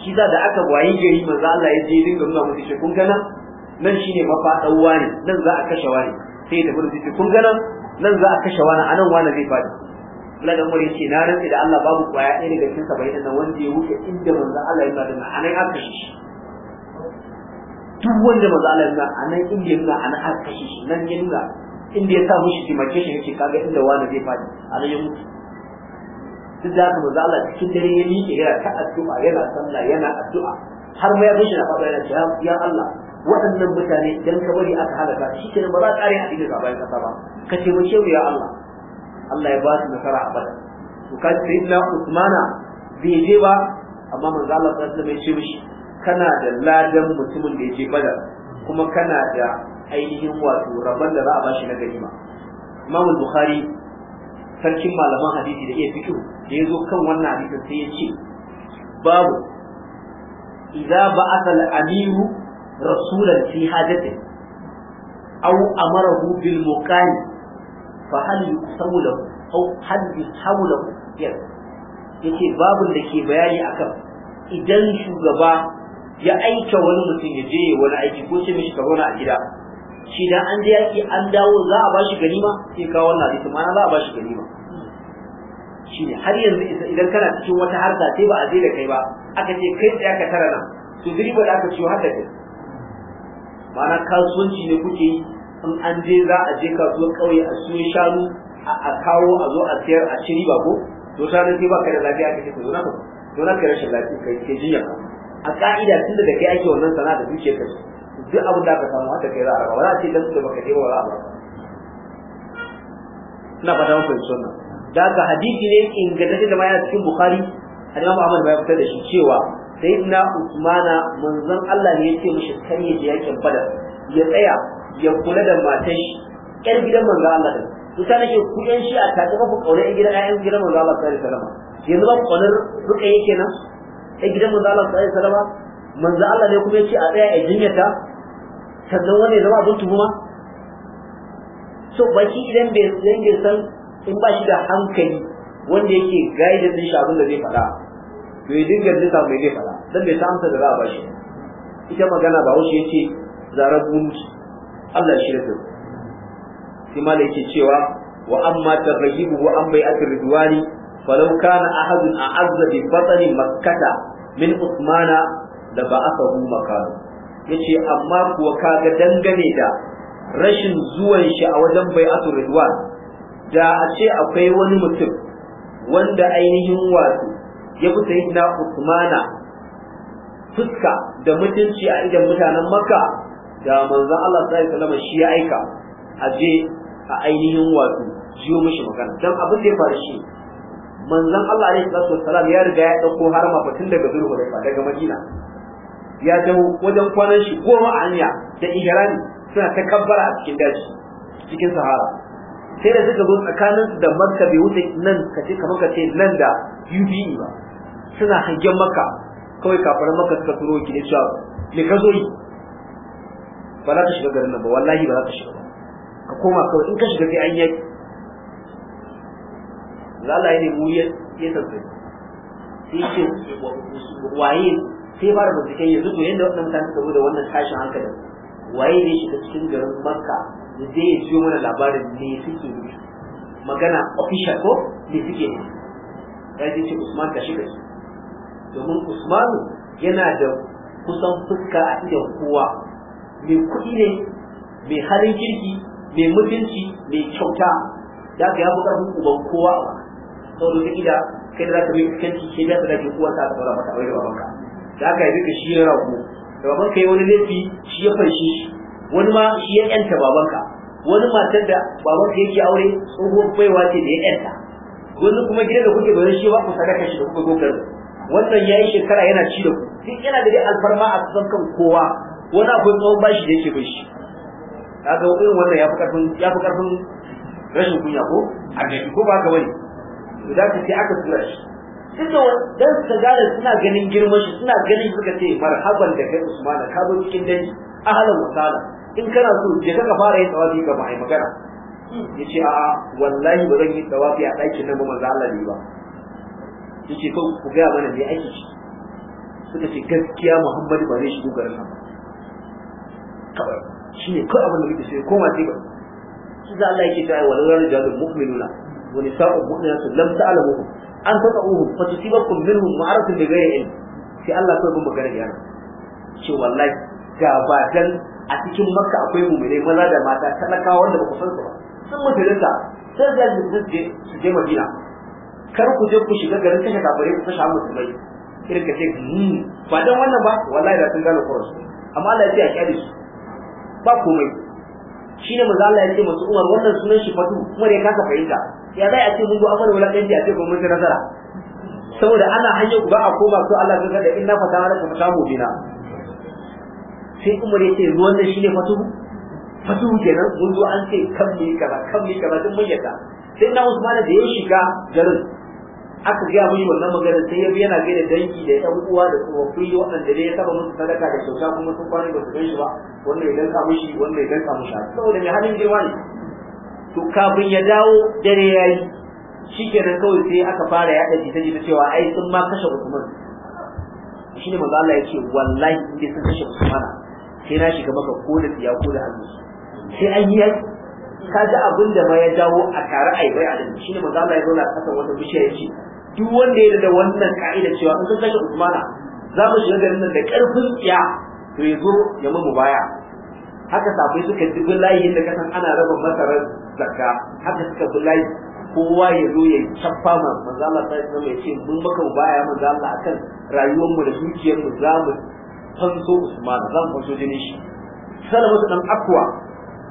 shi da da aka wayi gari manzo Allah ya je dinga nuna musu shi kun gana nan shine mafadan wani nan za a kashe wani sai ya tafi da kun gana nan za a kashe wani anan wani zai faɗi. Allah da mure ce na rantsi da Allah babu kwaya ɗaya daga cikin sabai nan wanda ya wuce inda manzo Allah ya da anan aka kashe shi duk wanda maza Allah ya a nan inda ya nuna a nan aka kashe shi nan ya nuna inda ya sa mushi taimake shi yake kaga inda wani zai fadi a nan ya mutu duk da haka maza Allah cikin dare ya miƙe yana ta addu'a yana sallah yana addu'a har ma ya bishi na faɗa yana ce ya Allah waɗannan mutane idan ka bari aka halaka shi kenan ba za a ƙare haɗi da gabanin ƙasa ba ka taimake mu ya Allah Allah ya ba su nasara a bada to kaji sayyidina Usmana bai je ba amma manzo Allah sallallahu alaihi wasallam ya ce mishi kana da ladan mutumin da yake badar kuma kana da ainihin wato rabon da za a bashi na ganima Imam Bukhari sarkin malaman hadisi da iya fito da ya zo kan wannan hadisin sai ya ce babu idza ba'atha al-amiru rasulan fi hajati aw amarahu bil muqami fa hal yusawu lahu aw hal yusawu lahu yace babun da ke bayani akan idan shugaba ya aika wani mutum ya je wani aiki ko ce mishi ka zauna a gida shi da an je yaki an dawo za a bashi ganima sai kawo wannan hadisi mana za a bashi ganima ne har yanzu idan kana cikin wata harka sai ba a je da kai ba aka ce kai tsaya ka tara nan to direba da aka ciwo haka ce mana kasuwanci ne kuke yi in an je za a je kasuwar kauye a siyo shanu a kawo a zo a sayar a ciri ba ko to shanu sai ba ka da lafiya ka ce to na ka rashin lafiya kai ke jinya a ka'ida tun da kai ake wannan sana'a da zuciyar ka duk abin da ka samu haka kai za a raba ba za a ce dan su da baka je ba za a ba ina fata mun fahimci wannan da haka hadisi ne ingantacce da ma yana cikin bukhari al-imam ahmad bai fitar da shi cewa sayyidina usmana manzon Allah ne ya ce mishi kan da yakin badar ya tsaya ya kula da matan shi ƴar gidan manzon Allah din ita nake ku yan shi a taƙi mafi ƙaunar gidan ƴaƴan gidan manzon Allah sallallahu alaihi wasallam yanzu ba ƙaunar ruka yake nan ai gidan manzo Allah sai salama manzo Allah ne kuma yace a tsaya a jinyata sannan wani zama abin tuhuma so baki idan bai yange san in ba shi da hankali wanda yake gaida din shi abin da zai faɗa to ya dinga dinka mai zai faɗa dan bai samu da ba shi ita magana ba wuce yace zarar gunki Allah shi da shi mala yake cewa wa amma tarhibu wa amma yatir ridwani falau kana ahadun a'azza bi batni makkata min usmana da ba aka makano yace amma kuwa kaga dangane da rashin zuwan shi a wajen bai ridwan da a ce akwai wani mutum wanda ainihin wato ya fi sayyidina usmana fuska da mutunci a idan mutanen makka da manzon Allah sallallahu alaihi wasallam shi ya aika a je a ainihin wato jiyo mishi magana dan abin da ya faru shi manzon Allah alaihi salatu wassalam ya riga ya dauko harma batun daga da daga Madina ya dawo wajen kwanan shi goma a hanya da ihrami suna ta kabbara a cikin daji cikin sahara sai da suka zo tsakanin da Makka bai wuce nan kace kamar kace nan da UBE ba suna hangen Makka kawai kafaran Makka suka turo ki ne cewa me ka zo yi ba za ka shiga garin nan ba wallahi ba za ka shiga ba ka koma kawai in ka shiga sai an yaki Allah ya ne mu ya tsantsani sai ce waye sai fara binciken yanzu to yadda wannan mutane suka zo da wannan tashin hankali waye ne shiga cikin garin makka da je ya ciyo mana labarin me suke magana official ko ne suke ya ce ce usman ka shiga su domin Usman yana da kusan fuska a idan kowa mai kuɗi ne mai halin kirki mai mutunci mai kyauta da ka ya fi ƙarfin kowa a saboda da gida kai da za ka bi kanci ke da da ke kuwa ta ka saura mata aure da babanka da aka yi ka shi ya rago da babanka yi wani laifi shi ya farshe shi wani ma shi ya yanta babanka wani matar da babanka yake aure tsohon baiwa ce da ya yanta wani kuma gidan da kuke bayan shi ba ku sadaka shi da kuka gogar wannan ya yi shekara yana ci da ku duk yana da dai alfarma a kusan kan kowa wani akwai tsawon bashi da yake bai shi kaga irin wannan ya fi karfin rashin kunya ko a gaji ko ba ka bane to da sai aka tura shi tunda dan su gane suna ganin girman shi suna ganin suka ce marhaban da kai Usman, ka zo cikin dangi ahlan wa sala in kana so je ka fara yin tawafi ga ba ai magana yace a'a wallahi ba zan yi tawafi a ɗakin nan ba manzo Allah ne ba yace ko ku ga mana me ake ci suka ce gaskiya Muhammadu ba zai shigo garin nan ba kawai shine ko abin da muke so koma sai ba shi da Allah yake cewa walal rijalul mu'minuna ونساء مؤمنات لم تعلموهم أن تطعوهم فتصيبكم منهم معرة بغير علم sai Allah kawai bin magana yana ce wallahi ga ba a cikin makka akwai mummunai maza da mata talakawa wanda ba ku san su ba sun mutunta sai da su je madina kar ku je ku shiga garin kashe kafare ku kashe musulmai irin ka ce hmm, ba dan wannan ba wallahi da sun gane kuros amma Allah ya ce a kyale ba komai Allah ya ce masu Umar wannan sunan shi fatu Umar ya kasa fahimta ya zai a ce mun go an mana wulaƙanci a ce gwamnati nasara saboda ana hanyar ba a koma su Allah zai kada inna fata ala kuma samu bina sai Umar ya ce ruwan da shine fatu fatu kenan mun zo an ce kan mu kaza kan mu yi kaza duk mun sai na Usman da ya shiga garin aka ga mun wannan magana sai ya yana ga da dangi da ɗan uwa da yi waɗanda ne, ya saba musu sadaka da kyauta kuma sun kwana ba su gan shi ba wanda ya danka mushi wanda ya danka mushi saboda mai halin girma ne to kafin ya dawo dare ya yi, yayi shikenan kawai sai aka fara yaɗa jita jita cewa ai sun ma kashe Usman ne manzo Allah ya ce wallahi in dai sun kashe Usman sai na shiga maka ko da tsiya ko da hannu sai an yi ka ji abin da ma ya dawo a tare a yi bai a shi ne manzo Allah ya zauna kasan wata bishiya ya ce duk wanda ya da wannan ka'ida cewa in sun kashe Usman za mu shiga garin nan da karfin tsiya to ya zo ya mu baya haka safai suka dubi layin da kasan ana raba masarar zakka haka suka bi layi kowa ya zo ya cafa ma manzo Allah sai zama ya ce mun maka baya manzo Allah akan rayuwar mu da dukiyarmu mu za mu fanso Usman za mu fanso jini shi salama su dan akwa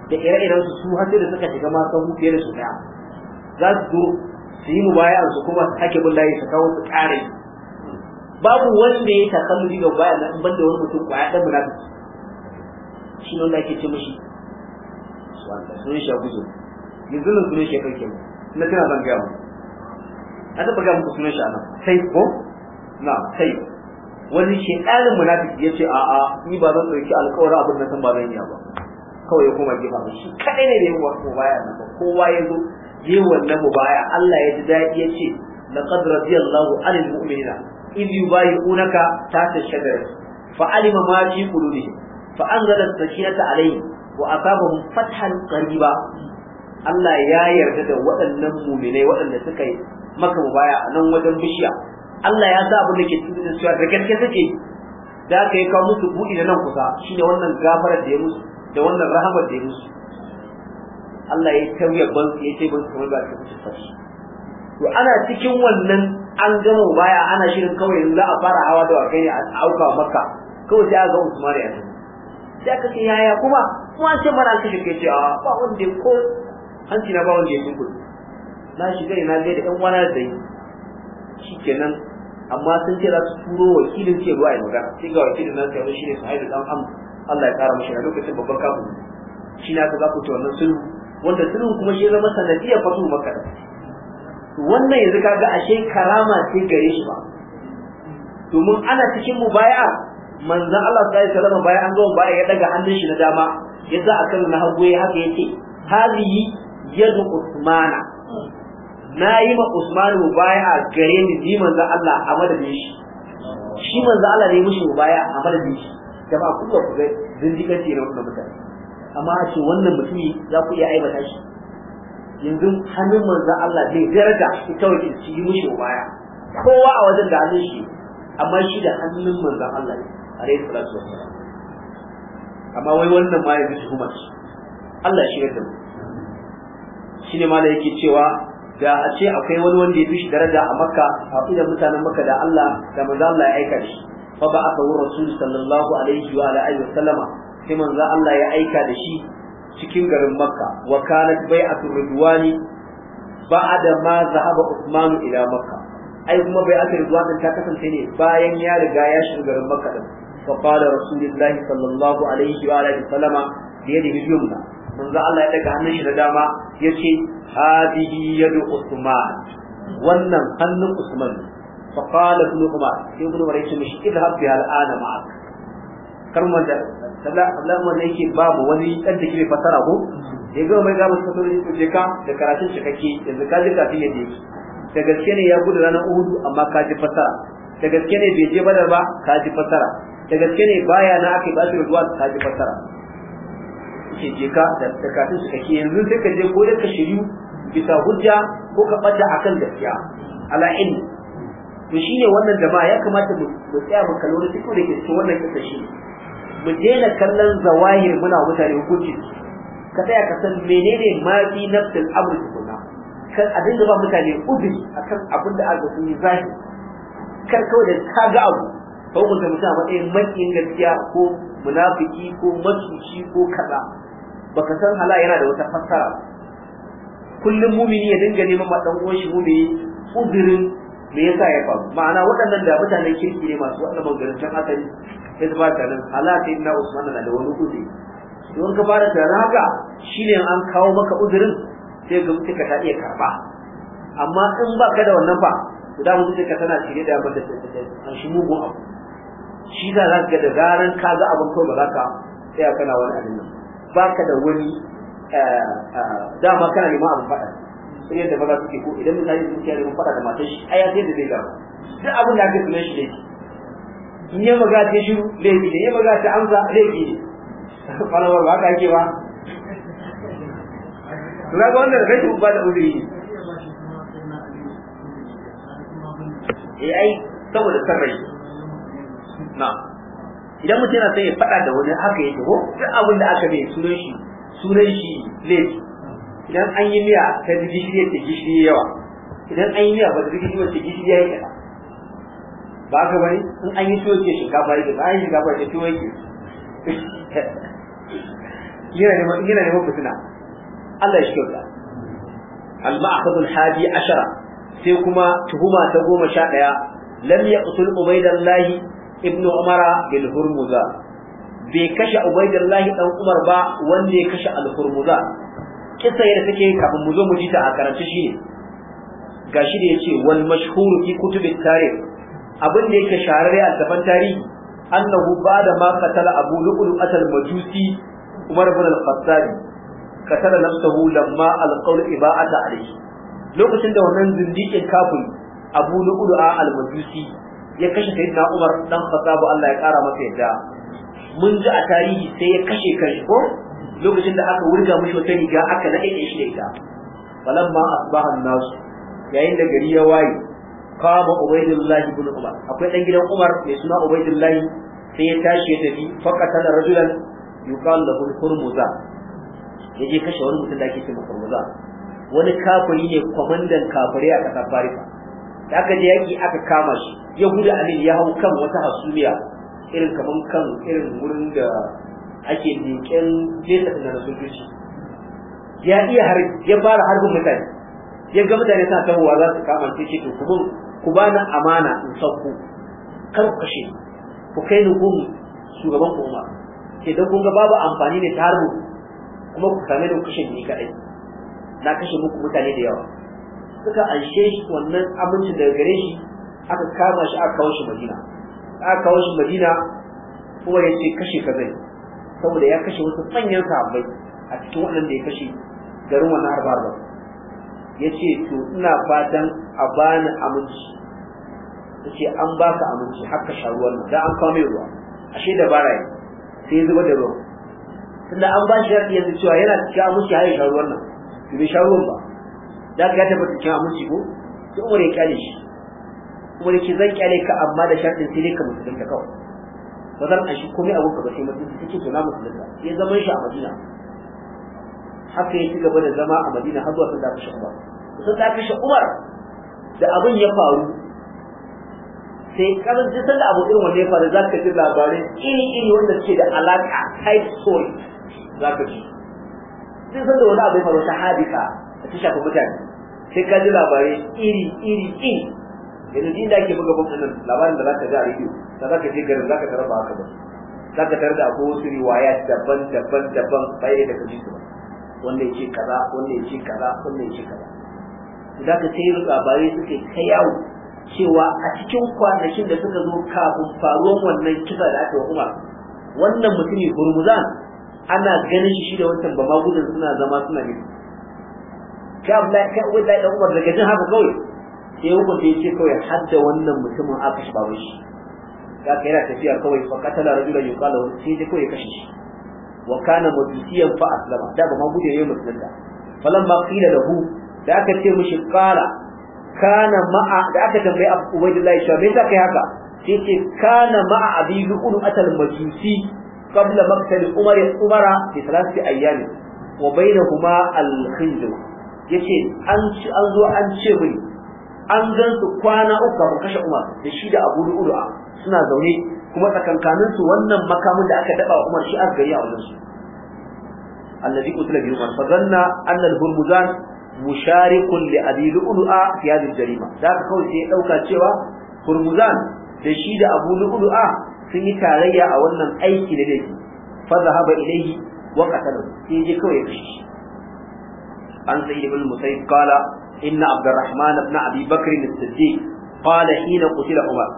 da ire-iren su su da suka shiga masu sahu fiye da su daya za su zo su yi mu mubaya'an su kuma su sake bin layi su kawo su kare babu wanda ya takalli ga bayan nan banda wani mutum kwaya dan munafiki shi ne wanda ake ce mishi sunan shi a yanzu nan sunan shi ya ɗauke mu na tana zan gaya mu a taɓa gaya muku sunan shi a nan sai ko na sai wani shekarun munafiki ya ce a'a ni ba zan ɗauki alƙawarin abin na san ba zan iya ba kawai ya koma gefa shi kaɗai ne da ya wasu baya nan ba kowa ya zo yi wannan mu baya Allah ya ji daɗi ya ce laqad radiyallahu anil mu'minina إذ يبايعونك تحت الشجرة فعلم ما في قلوبهم فأنزل السكينة عليهم وأصابهم فتحا قريبا Allah ya yarda da waɗannan muminai waɗanda suka yi maka mubaya a nan wajen bishiya Allah ya sa abin da ke cikin zuciya da gaske take da aka yi kawo musu buɗi da nan kusa shi da wannan gafarar da ya musu da wannan rahamar da ya musu Allah ya tauye ban su ya ce ban kamar ba ta kusa sashi to ana cikin wannan an gama baya ana shirin kawai yanzu za a fara hawa da wakai a auka maka kawai sai aka ga Usman ya sai aka ce yaya kuma kuma ce mara kashe ke ce a ah, ba wanda ko hanci na ba wanda ya kudu na shiga na gai da yan wana da yi nan. amma sun ce za su turo wakilin ce ruwa ya magana sai ga wakilin nan sai shi ne su haidu dan amma Allah ya kara mashi a lokacin babban kafin shi na ka za ku ta wannan sulhu wanda sulhu kuma shi zama sanadiyar fatu maka wannan yanzu ga ashe karama ce gare shi ba domin ana cikin baya manzo Allah sai alaihi salama bayan an zo baya ya daga hannun shi na dama a akan na hagu ya haka yace hadhihi yadu usmana na yi ma usmanu a gare ni ji manzo Allah a madadin shi shi manzo Allah ne mushi baya a madadin shi jama'a kuma ku ga zindiga ce na wannan mutane amma a ce wannan mutumi za ku iya aibata shi yanzu hannun manzo Allah zai zarga shi kawai shi yi mushi baya, kowa a wajen da hannun shi amma shi da hannun manzo Allah ne alaihi salatu wassalam amma wai wannan ma ya kuma tuhumar Allah shi ya tabbata ne ma yake cewa da a ce akwai wani wanda ya fi shi daraja a makka haɗu da mutanen makka da Allah da manzo Allah ya aika shi fa ba aka wurin rasul sallallahu alaihi wa alihi wa sallama sai manzo Allah ya aika da shi cikin garin makka wa kanat bai'atu ridwani ba'da ma zahaba usman ila makka ai kuma bai'atu ridwani ta kasance ne bayan ya riga ya shiga garin makka din fa qala rasulullahi sallallahu alaihi wa alihi wa sallama da yadihi yumna manzo Allah ya daga hannun shi da dama ya yace hadihi yadu usman wannan hannun usman fa qala ibn umar sai ibn umar yace mishi idhab bi al ana ma karman da Allah mun yake babu wani dan da kike fasara ko ya ga mai gaba sai ya ce ka da karatun shi kake yanzu ka ji kafin ya je da gaske ne ya gudu ranar uhudu amma ka ji fasara da gaske ne bai je badar ba ka ji fasara da gaske ne baya na aka ba shi ruwa ka ji fasara ce je ka da kafin su kake yanzu sai ka je ko da ka shiryu bisa hujja ko ka ɓata a kan gaskiya ala ilmi to ne wannan da ba ya kamata mu tsaya mu kallo duk da ke cikin wannan kasa shi mu daina kallon zawahir muna mutane hukunci ka tsaya ka san menene mafi fi nafsil amr tukuna kan a dinga ba mutane ubi akan abin da aka sun yi zahiri kar kawai da ka ga abu hukunta mutum a matsayin matsayin gaskiya ko munafiki ko matuci ko kaza baka san hala yana da wata fassara kullum mumini ya dinga neman ma dan uwan shi mumini uzurin me yasa ya faru ma'ana waɗannan da mutanen kirki ne masu wannan maganganun asali sai su fara tunanin hala sai na Usman na da wani uzuri don ka fara da haka shine an kawo maka uzurin sai ga mutum ka iya karba amma in ba ka da wannan ba da mutum ka tana shirye da abin da an shi mugun abu shi da za ka da garan ka ga abin kawai ba za ka tsaya kana wani abin nan baka da wani eh, eh, dama kana neman abin faɗa sai yadda maza suke ko idan misali zai zuciya neman faɗa da matar shi ya sai da zai gama duk abin da ake sunan shi ne in ya maga ta shiru laifi ne ya maga ta amsa laifi ne falawar ba ka ake ba na ga wannan rashin ba da wuri ne eh ai saboda sarrai na idan mutum yana son ya faɗa da wani haka yake ko duk abin da aka mai sunan shi sunan shi laifi idan an yi miya ta ji gishiri ta gishiri yawa idan an yi miya ba ta ji gishiri ta gishiri ya yi ba ka bari in an yi tuwo ke shinkafa yake ba an yi shinkafa ke tuwo yake yana neman fitina Allah ya shi kyauta al-ma'akhadh al-hadi ashara sai kuma tuhuma ta goma sha ɗaya lam yaqtul ubaydallah ibnu umara bil hurmuza bai kashe ubaidillahi dan umar ba wanda ya kashe al hurmuza kisa yadda take kafin mu zo mu ji ta a karance shi ne gashi da yace Wani mashhur fi kutubit tarikh abin da yake shahararre a gaban tarihi annahu ba'da ma katala abu lu'lu atal majusi umar ibn al-khattab qatala nafsahu lamma al-qawl iba'ata alayhi lokacin da wannan zindikin kafiri abu lu'lu al-majusi ya kashe sayyidina Umar dan Khattab Allah ya kara masa yadda mun ji a tarihi sai ya kashe kashi ko lokacin da aka wurga mishi wata riga aka nade shi da ita falamma asbaha an-nas yayin da gari ya waye kama Ubaydullah ibn Umar akwai dan gidan Umar mai suna Ubaydullah sai ya tashi ya tafi faqatala rajulan yuqalu lahu al-hurmuza yaje kashe wani mutum da ake cewa Hurmuza wani kafiri ne kwamandan kafirai a kasar Farisa da aka je yaki aka kama shi yahuda amin ya hau kan wata hasumiya irin kaman kan irin wurin da ake leƙen nesa na sojoji ya iya har ya fara harbin mutane ya ga mutane suna tahowa za su kama su ce to kuma ku na amana in sauko kar ku kashe ku kai ni su shugaban umma ke da kun ga babu amfani ta tarbo kuma ku same da kashe ni kadai na kashe muku mutane da yawa suka anshe shi wannan amincin daga gare shi aka kama shi aka kawo shi madina aka kawo shi madina kuma ya ce kashe ka zai saboda ya kashe wasu manyan sahabbai a cikin wannan da ya kashe garin wannan harba harba ya ce to ina fatan a bani aminci ta ce an baka aminci haka sha ruwan nan Da an kawo mai ruwa ashe da bara yi sai ya zuba da ruwan tunda an ba shi yanzu cewa yana cikin aminci har ya sha nan bai sha ruwan ba da ka ta mutu cikin aminci ko sai umar ya kyale shi umar ki zan kyale ka amma da shartin sai dai ka musulunta kawai ba zan shi komai abun ka ba sai mutum take to musulunta ya zama shi a madina haka ya ci gaba da zama a madina har zuwa sun da shi umar sun da shi umar da abin ya faru sai karin ji sanda abu irin wanda ya faru za ka ji labarin iri iri wanda suke da alaka tight soul za ka ji sai sanda wani abu ya faru ta hadika ta shafi mutane sai ka ji labarai iri iri iri yanzu din da ake buga bambanin labarin da za ka ji a rediyo da za ka je garin za ka tarar ba haka ba za ka tarar da akwai wasu riwaya daban daban daban bayan da ka ji su ba wanda ya ce kaza wanda ya ce kaza wanda ya ce kaza za ka sai labarai suke ta yawo cewa a cikin kwanakin da suka zo kafin faruwar wannan kisa da aka wa umar wannan mutumin hurmuzan ana ganin shi da wancan ba suna zama suna ne sai Abdullahi kai Abdullahi dan Umar daga jin haka kawai sai hukunta yace kawai hadda wannan mutumin aka shi babu shi ka kai yana tafiya kawai fa qatala rajulan yuqala sai dai kawai kashe shi wa kana mutsiyan fa aslama da ba ma gude yayin musulunta falan ma qila lahu da aka ce mishi qala kana ma'a da aka tambaye Ubaydullah shi me yasa kai haka sai ce kana ma'a abi lu'un atal majusi qabla maqtal umar umara bi thalathati ayyamin wa bainahuma al-khinzir Ya ce an zo an ce mai an gan su kwana uku kafin kashe Umar da shi da Abu Lu'lu'a suna zaune kuma tsakankanin su wannan makamin da aka daba Umar shi an gari a wajen su alladhi qutila bi Umar fa zanna anna al-Hurmuzan musharikun li Abi Lu'lu'a fi hadhihi al-jarima da ka kawai sai dauka cewa Hurmuzan da shi da Abu Lu'lu'a sun yi tarayya a wannan aiki da laifi fa zahaba ilayhi wa qatalahu sai je kawai ya kashe shi عن سيد بن المسيب قال إن عبد الرحمن بن أبي بكر الصديق قال حين قتل عمر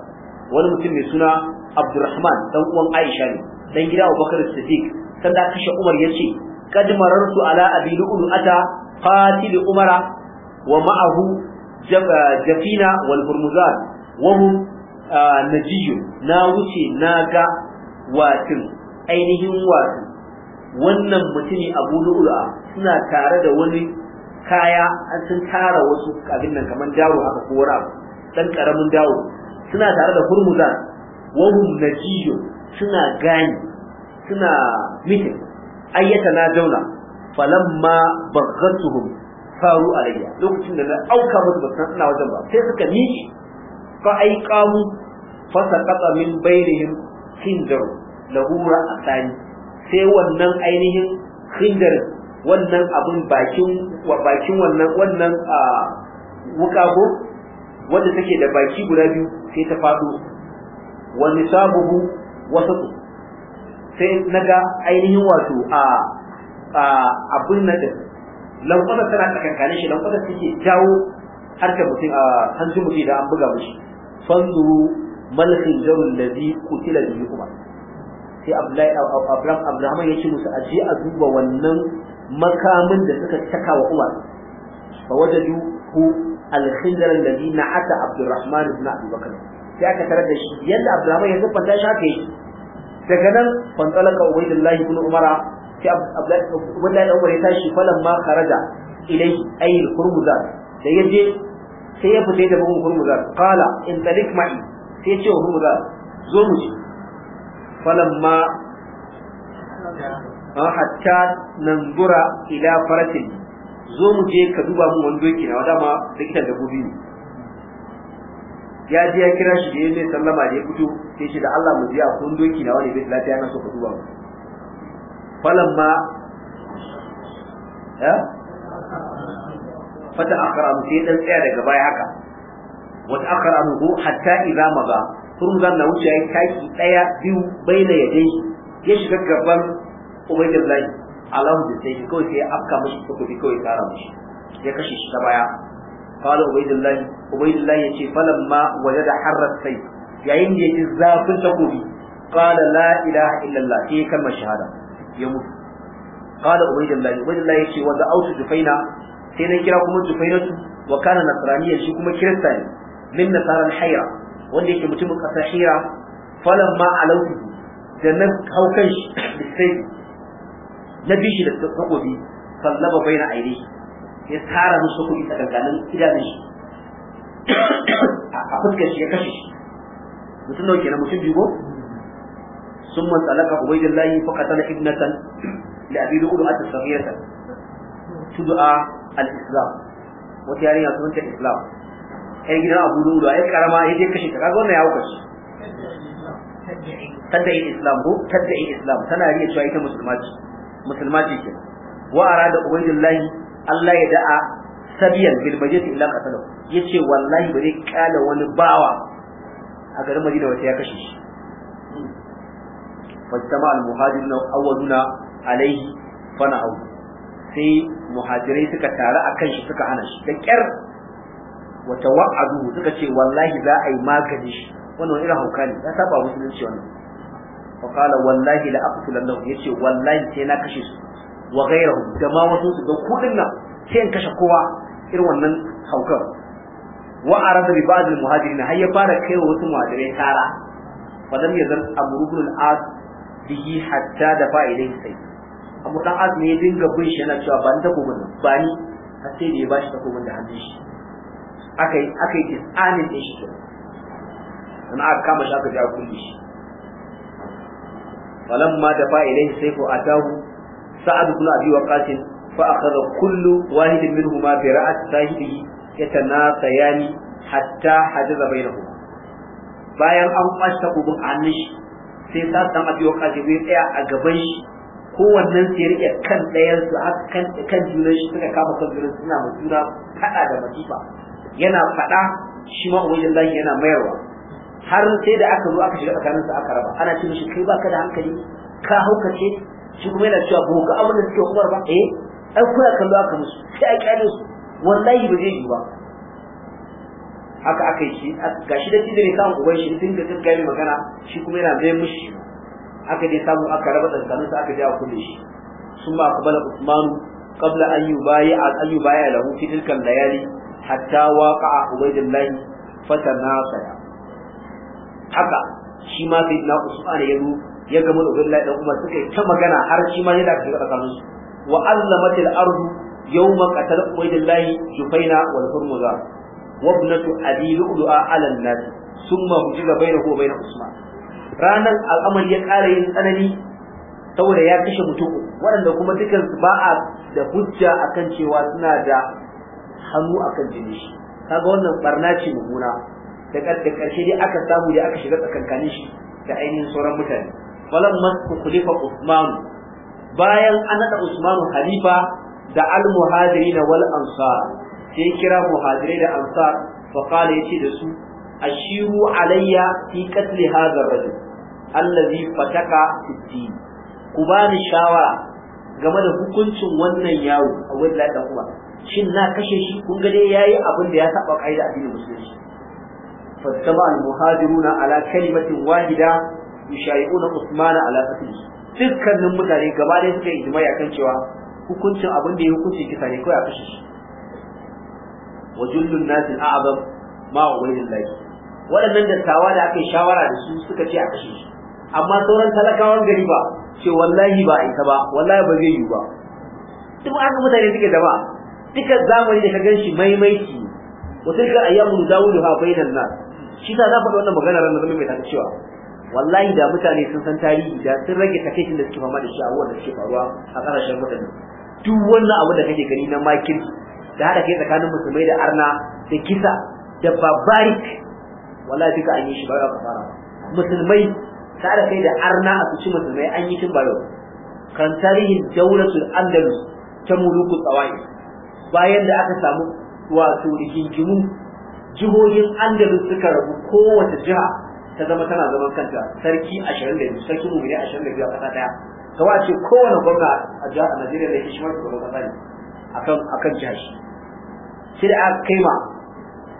ولمتم سنة عبد الرحمن دوم عائشة دين جدا أبو بكر الصديق سنة كش عمر يشي قد مررت على أبي لؤلؤ أتى قاتل عمر ومعه جفينة والبرمزان وهم آه نجي ناوتي ناقا واتن ainihin wasu wannan mutumi abu lu'ula suna tare da wani kaya an sun tara wasu abin nan kamar dawo haka ko wani abu dan karamin dawo suna tare da hurmuzan wahum najiyo suna gani suna mitin ayyata na jauna falamma baghatuhum faru alayya lokacin da na auka musu ba san ina wajen ba sai suka miƙe fa ai qamu fa saqata min bainihim khindar lahu ra'atani sai wannan ainihin khindar wannan abin bakin bakin wannan wannan wuka ko wanda take da baki guda biyu sai ta faɗo wa nisabuhu wasatu sai naga ainihin wato a abin nan da lankwasa tana tsakankanin shi lankwasa take jawo harkar mutum a hancin mutum da an buga mushi fanzuru malakin jarun lazi kutila da kuma sai abdullahi abdullahi ya ce musu aje a duba wannan makamin da suka caka wa Umar fa wajadu hu al-khidr alladhi na'ata Abdurrahman ibn Abi Bakr sai aka tarar da shi yadda Abdurrahman ya zubanta shi haka yake daga nan fantalaka Ubaydullah ibn Umar sai Abdullah ibn Umar ya tashi falamma kharaja ilayhi ay al-hurmuzan sai yaje sai ya fita da bugun hurmuzan qala in talik ma'i sai ya ce hurmuzan zo mu ji falamma hatta nanzura ila faratin zo mu je ka duba mu wani doki na wadama likitan dabbobi ne ya je ya kira shi ya mai sallama da ya fito sai shi da Allah mu je a kun doki na wani bai lafiya na so ka duba mu falamma ya fata akara mu sai dan tsaya daga baya haka wata akara mu ko hatta idza maza turun zan na wuce yayi kai daya biyu baina yadai ya shiga gaban ubaidillahi alahu bi sai kawai sai ya afka mashi ko mishi takobi kawai kara mishi ya kashe shi ta baya qala ubaidillahi ubaidillahi yace falamma wajada harrat sai yayin da yaji zafin takobi qala la ilaha illallah sai kalmar shahada ya mutu qala ubaidillahi ubaidillahi yace wa za'autu jufaina sai na kira kuma jufainatu wa kana nasraniyya shi kuma kirista ne min nasaran hayra wanda yake mutumin kasar hira falan ma alautu da na hau kan shi sai na shi da takobi sallaba na aidi ya tara musu kuɗi a idanun shi a fuskar shi ya kashe shi mutum nawa kenan mutum biyu ko ثم سلك عبيد الله فقتل ابنة لأبي لؤلؤة صغيرة تدعى الإسلام وتيارين سنة الإسلام ai gidan abu lulu ai karama ai je kashe kaga wannan ya hukace tadda islam ko tadda islam tana riya cewa ita musulma ce musulma ce kenan wa arada ubaydullahi Allah ya da'a sabiyan bil majlis illa qatalu yace wallahi bare kala wani bawa a garin Madina wata ya kashe shi fajtama al muhajirun awwaluna alaihi fana'u sai muhajirai suka taru akan shi suka hana shi da kyar wata wa'adu suka ce wallahi za a yi maganin shi wannan irin hauka ne ya saba musulunci wannan fa qala wallahi la ya ce wallahi sai na kashe su wa ghayrahu da ma wasu su ga kudin nan sai in kashe kowa irin wannan haukar wa arada bi ba'd al muhajirin har ya fara kai wa wasu muhajirai tara Ba lam yazal zan ibn rukunin as bihi hatta da fa'ilin sai amma dan As ne dinga bin shi yana cewa ba ni takobin nan ba ni har sai da ya bashi takobin da hannun shi Aka yi kisanin din shi kenan an aka kama shi aka ja kulli shi falamma da fa ilayhi sayfu atahu sa'ad ibn abi waqas fa akhadha kullu wahidin minhuma bi ya sahibihi yatanasayani hatta hajaza bainahuma bayan an kwashe kubun hannun shi sai sa dan abi waqas zai tsaya a gaban shi kowannen sai rike kan ɗayan su kan kan suka kama kan junan suna ma juna da matifa. yana faɗa shi ma layi yana mayarwa har sai da aka zo aka shiga tsakaninsa aka raba ana ce shi kai baka da hankali ka haukace shi kuma yana cewa ba ga abin da suke umar ba eh ai kuna kallo aka musu sai a kyale su wallahi ba zai yi ba haka aka yi shi gashi da cikin kan uban shi sun da suka yi magana shi kuma yana zai mushi aka dai samu aka raba tsakaninsa aka ja kulle shi Sun ba ثم أقبل عثمان قبل أن يبايع أن يبايع له في تلك الليالي حتى واقع عبيد الله فتناصر haka shi ma sai na usman ya zo ya ga da Abdullahi dan Umar suka yi ta magana har shi ma yana da tsakanin su wa allamat al-ard yawma qatal Ubaydillah Jufaina wal Hurmuza wa ibnatu Abi Lu'lu'a ala an-nas thumma hujja bainahu wa bain Usman ranan al'amari ya ƙara yin tsanani saboda ya kashe mutum waɗanda kuma dukan su ba a da hujja akan cewa suna da hannu akan jini shi kaga wannan barna ce mummuna da ƙarshe dai aka samu da aka shiga tsakankanin shi da ainihin sauran mutane falan ku kulifa usman bayan an naɗa usman Khalifa, da al muhajirin wal ansar sai kira muhajirai da ansar fa qala yace da su ashiru alayya fi qatl hadha ar-rajul allazi fataka fi ku bani shawara game da hukuncin wannan yawo a wajen da Kuma. shin na kashe shi kun ga dai yayi abin da ya saba kaida addinin musulunci فاجتمع المهاجرون على كلمة واحدة يشايعون عثمان على قتله dukkanin mutane gaba ɗaya suka yi ijma'i akan cewa hukuncin abin da ya hukunci kisa ne kawai a kashe shi wa jullun nasin a'azam ma ubaydillahi waɗannan dattawa da aka yi shawara da su suka ce a kashe shi amma sauran talakawan gari ba ce wallahi ba a ita ba wallahi ba zai yiwu ba duk aka mutane suke zama duka zamani da ka gan shi maimaiti wa tilka ayyamu dawuduha bainan nas shi sa na faɗi wannan magana ran zama mai ta cewa wallahi da mutane sun san tarihi da sun rage takeicin da suke fama da shi a da suke faruwa a ƙasashen mutane. duk wannan abu da kake gani na makin da haɗa kai tsakanin musulmai da arna da kisa da babarik. wallahi duka an yi shi ba ka fara musulmai ta haɗa kai da arna a cikin musulmai an yi tun ba yau kan tarihin daulatul andalus ta mulukul tsawai bayan da aka samu wato rigingimu jihohin andalus suka rabu kowace jiha ta zama tana zaman kanta sarki 22 sarki mumini 22 a kasa daya ga wace kowane gwamna a jihar a najeriya da hishimar shugaban kasa ne akan akan jihar shi sai da aka kai ma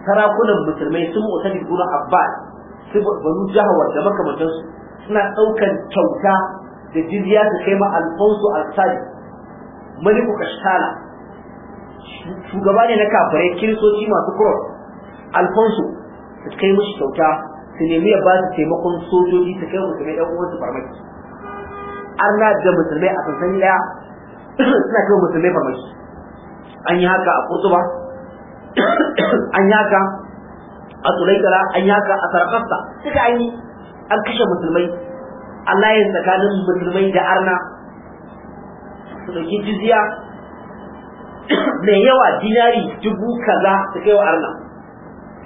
sarakunan musulmai sun motsa da gura abbas su banu jahawar da makamantansu suna ɗaukan kyauta da jizya su kai ma alfonso al-sadi maliku kashtala shugaba ne na kafirai kiristoci masu kuros alfonso su kai musu kyauta su nemi ya ba su taimakon sojoji su kai musulmai ɗan uwansu farmaki arna da musulmai a sansani ɗaya suna kai musulmai farmaki an yi haka a kurtuba an yi haka a tsulaikala an yi haka a sarakasta duka an yi an kashe musulmai Allah ya tsakanin musulmai da arna su ɗauki jizya mai yawa dinari dubu kaza su kai wa arna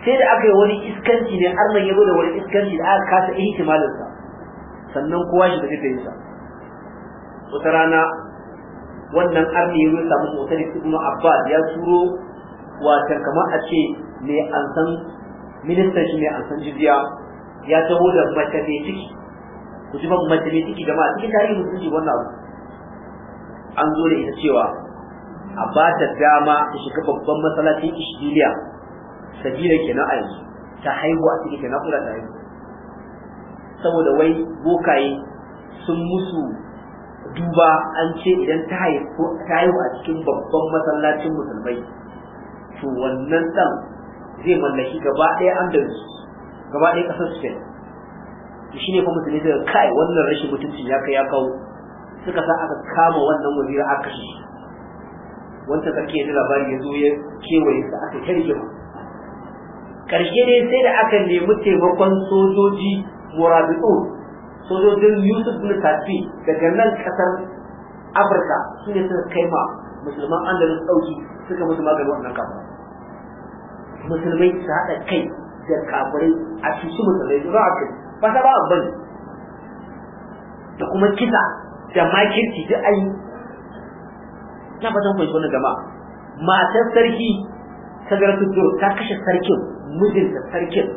sai da aka yi wani iskanci ne har nan yabo da wani iskanci da aka kasa ihtimalin sa sannan kowa shi da zai yi sa wata rana wannan arni ya samu motar ibn abbas ya turo watan kamar a ce mai ansan ministan shi mai ansan jibiya ya taho da mace mai ciki ku ji ban mace mai ciki jama'a cikin tarihin musulunci wannan abu an zo da ita cewa a ba ta dama ta shiga babban masallacin ishbiliya sabira kenan a yanzu ta haihu a cikin kenan kula ta haihu saboda wai bokaye sun musu duba an ce idan ta haihu a cikin babban masallacin musulmai to wannan dan zai mallaki gaba ɗaya andalus gaba ɗaya ƙasar spain to ne kuma musulmi daga kai wannan rashin mutuncin ya kai ya kawo suka sa aka kama wannan wazira aka shi wanda sarki ya ji labari ya zo ya kewaye sa aka mu. ƙarshe dai sai da aka nemi taimakon sojoji murabitu sojojin yusuf bin tafi daga nan ƙasar afirka su ne suka kai ma musulman andalus ɗauki suka mutu maganin wannan kafa musulmai su haɗa kai da kafirai a cikin musulmai su ba kai ba ta ba a bani da kuma kisa da makirci duk ayi na fatan kwaikwayo gama matar sarki shagaratu zo ta kashe sarkin mijinta sarkin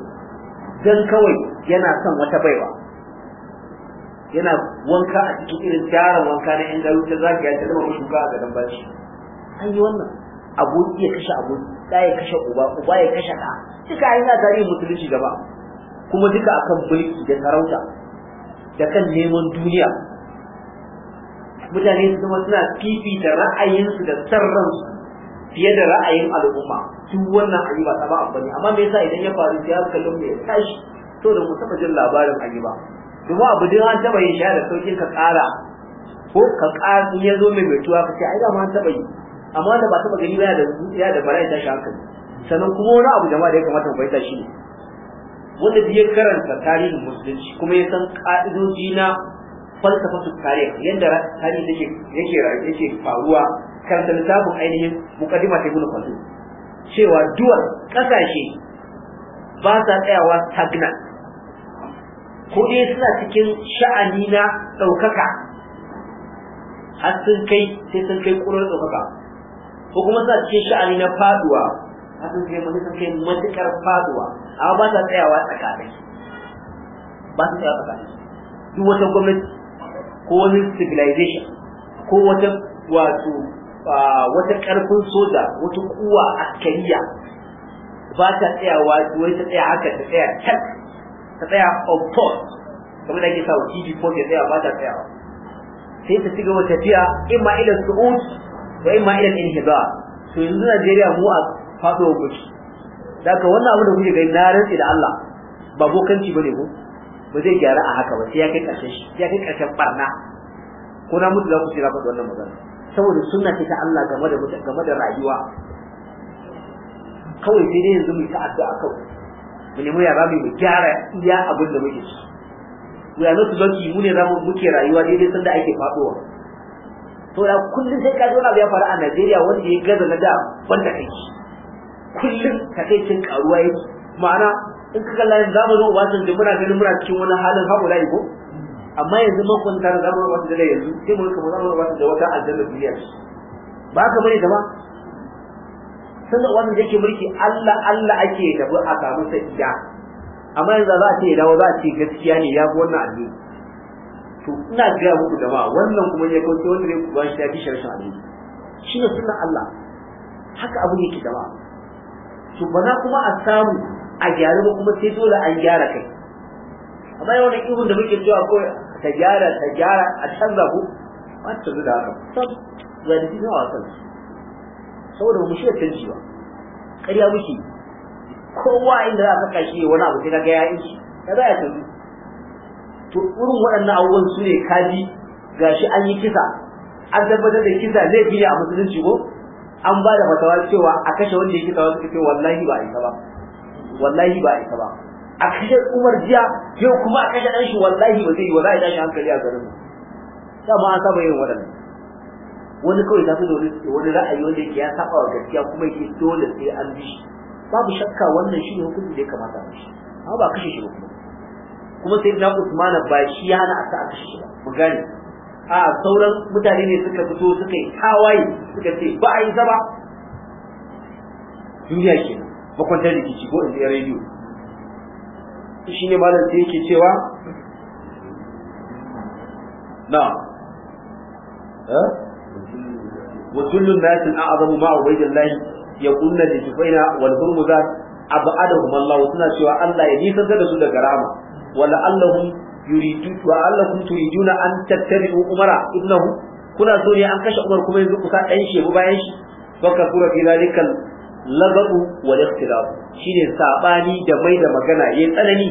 dan kawai yana son wata baiwa yana wanka a cikin irin jaran wanka na yan garu ta zaki ya tsama ku shuka a gadan bashi an yi wannan aboki ya kashe aboki da ya kashe uba uba ya kashe ka duka yana tarihi musulunci gaba kuma duka akan mulki da sarauta da kan neman duniya mutane su kuma suna fifita ra'ayinsu da tsarransu fiye da ra'ayin al'umma duk wannan ayi ba sabon abu ne, amma me yasa idan ya faru sai hankalin mu ya tashi to da mu taba jin labarin ayi ba kuma abu duk an taba yin shi da sauki ka ƙara ko ka ƙara in ya zo mai mutuwa ka ce ai da ma an taba yi amma da ba taba gani ba da ya da bala'i tashi hankali sannan kuma wani abu jama'a da ya kamata mu bayyana shi ne wanda ya karanta tarihin musulunci kuma ya san ka'idoji na falsafatul tarih yadda tarihi yake yake yake faruwa karanta littafin ainihin ta gudu Qudus cewa duwar ƙasashe ba sa tsayawa stagnant ko dai suna cikin sha'ani na ɗaukaka har sun kai sai sun kai ƙurar ɗaukaka ko kuma suna cikin sha'ani na faduwa har sun kai mutu sun kai matuƙar faduwa amma ba sa tsayawa tsakanin ba sa tsayawa tsakanin duk wata gwamnati ko wani civilization ko wata wato wata karfin soja wata kuwa askariya ba ta tsayawa wai ta tsaya haka ta tsaya tak ta tsaya on post kamar da ake sa wa TV 4 ya tsaya ba ta tsayawa sai ta ci gaba tafiya in ma ila su'ud wa in ma ila inhiba to yanzu Najeriya mu a faɗo muke daga wannan abu da kuke gani na rantsi da Allah ba bokanci bane ko ba zai gyara a haka ba sai ya kai karshen shi ya kai karshen barna ko na mutu za ku tsira za wannan magana saboda suna ce ta Allah game da game da rayuwa kawai sai dai yanzu mu ta addu'a kawai mu nemi ya zamu mu gyara iya abin da muke ci we are not lucky mu ne zamu muke rayuwa daidai sanda ake faduwa to da kullum sai ka ji wani abu ya faru a Najeriya wanda ya gaza na da wanda kai kullum ka kai cin karuwa yake ma'ana in ka kalla yanzu zamu zo ba san muna ganin muna cikin wani halin haƙura ko amma yanzu mun kwanta da zamu wata da yanzu sai mu kuma zamu wata da wata aljanna duniya ba ka bane jama'a sanda wannan yake mulki Allah Allah ake da bu a samu sakiya amma yanzu za a ce dawo za a ce gaskiya ne ya wannan addini to ina ga muku jama'a wannan kuma ya kauce wanda ne ku ba shi fi sharshen addini shi ne sunan Allah haka abu ne ke jama'a to bana kuma a samu a gyaru ba kuma sai dole an gyara kai amma yawan ihun da muke cewa ko ta gyara ta gyara a canza ku ba ta da haka sab zalisi na wasan saboda mu shi da ba ƙarya muke kowa inda za a saka shi wani abu sai ka ga yayin shi ka za ya tafi to irin waɗannan abubuwan su ne kaji gashi an yi kisa an tabbatar da kisa zai ne a musulunci ko an ba da fatawa cewa a kashe wanda ya kisa wasu ce wallahi ba a isa ba wallahi ba a isa ba a kashe umar jiya yau kuma a kashe ɗan shi wallahi ba zai yi wallahi tashi hankali a garin dama an saba yin waɗannan wani kawai ta fi da wani ra'ayi wanda yake ya saba wa gaskiya kuma yake dole sai an bi shi babu shakka wannan shi ne hukuncin da ya kamata a shi amma ba kashe shi ba kuma kuma sai na Usman ba shi ya hana a kashe shi ba mu gane a sauran mutane ne suka fito suka yi hawaye suka ce ba a yi zaba duniya ke ba kwantar ke ko in ji rediyo to ne malam sai yake cewa na eh? wa kullu nas a'zamu ma wal abadahum Allah suna cewa Allah ya nisanta da su daga rama wala allahum yuridu wa turiduna an tattabi'u umara ibnahu kuna so ne an kashe umar kuma yanzu kusa ɗan shi bayan shi baka kura fi zalikal lagadu wa ikhtilaf shine sabani da mai da magana yayin tsanani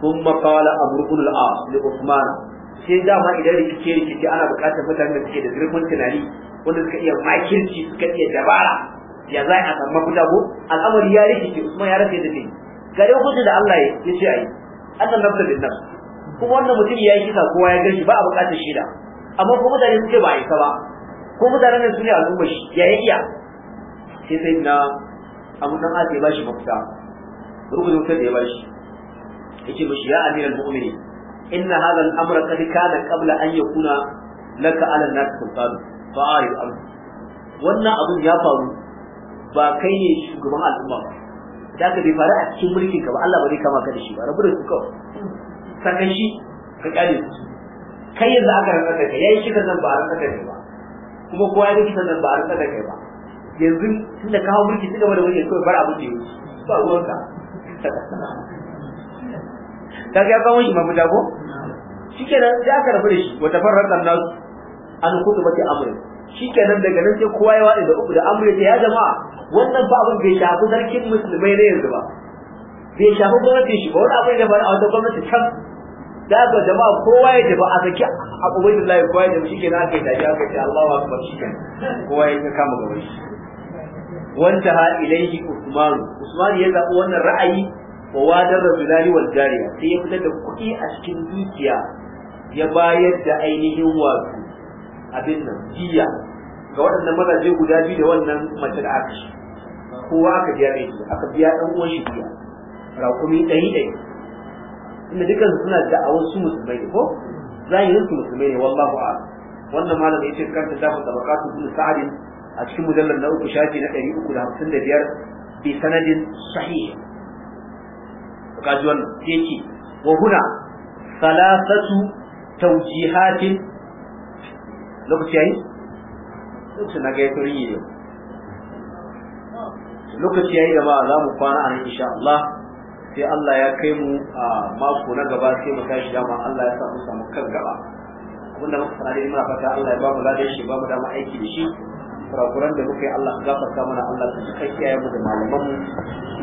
kuma qala amr al-as li usman sai dama idan rikice rikice ana buƙatar mutanen da suke da girman tunani wanda suka iya makirci suka iya dabara ya za a samu mafita ko al'amari ya rikice usman ya rasa da ne gare hujja da Allah ya ce ai annan nafsa bin nafs kuma wannan mutum ya yi kisa kowa ya gashi ba a buƙatar shida amma ko mutane suke ba a isa ba ko mutanen da su ne al'ummar shi ya iya sai sai na abu dan haka ya bashi mafita rubutu da ya bashi yace mishi ya amiral mu'minin inna hadha al-amra qad kana qabla an yakuna laka ala an-nas sultan fa'arid am wannan abun ya faru ba kai ne shugaban al'umma ba da ka bai faru a cikin mulkin ka ba Allah ba zai kama ka da shi ba rabu da su kawai sakan shi ka kyale su kai yanzu aka rantsar da kai yayi kisan nan ba a kai ba kuma kowa ya yi kisan nan ba a kai ba yanzu tun da kawo mulki ci gaba da mulki kawai bar abin da ya wuce ba ruwanka ta ga kawo shi mafi dago shikenan sai aka rabu da shi wata farran nan nasu an kudu mace amure shikenan daga nan sai kowa ya wada da uku da amure ta ya jama'a wannan ba abin bai shafi zarkin musulmai na yanzu ba bai shafi gwamnatin shi ba wani abin da ba a wata gwamnati can da ga jama'a kowa ya jaba a saki a bai da layi kowa ya jaba shikenan aka yi tashi aka yi Allahu akbar shikenan kowa ya kama gaba shi wanda ha ilaihi usman usman ya zabi wannan ra'ayi wa wadar rajulani wal jariya sai ya fitar da kuɗi a cikin dukiya ya bayar da ainihin wato abin nan jiya ga waɗannan mazaje guda biyu da wannan mace da aka shi kowa aka biya mai shi aka biya ɗan uwan shi biya rakumi ɗari ɗari inda da a wasu musulmai ko wannan malam yace kanta da tabaqatu bin a cikin mujallar na uku shafi na ɗari uku da hamsin da biyar bi sanadin sahih kaji wannan sai ce wa huna salasatu tawjihatin lokaci yayi lokaci na gaya ya turin yi lokaci yayi da ba za mu kwana a nan insha Allah sai Allah ya kai mu a mako na gaba sai mu tashi dama Allah ya sa mu samu kan gaba abinda muka fara da muna fata Allah ya ba mu ladan shi ba mu dama aiki da shi kurakuran da muka yi Allah ka gafarta mana Allah ka kai iyayen mu da malaman mu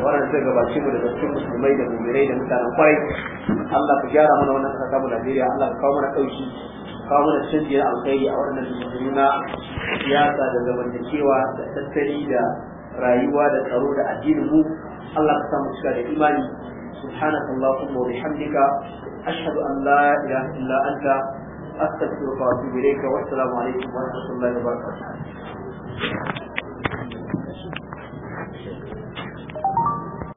da wannan sai gabaci mu da cikin musulmai da mu'minai da mutanen kwarai Allah ka gyara mana wannan kasa mu Najeriya Allah ka kawo mana kauci kawo mana canji na alkhairi a wannan musulmi na siyasa da zamantakewa da tattali da rayuwa da tsaro da addinin mu Allah ka samu cika da imani سبحانك اللهم وبحمدك أشهد أن لا إله إلا أنت أستغفرك وأتوب إليك والسلام عليكم ورحمة الله وبركاته Thank you.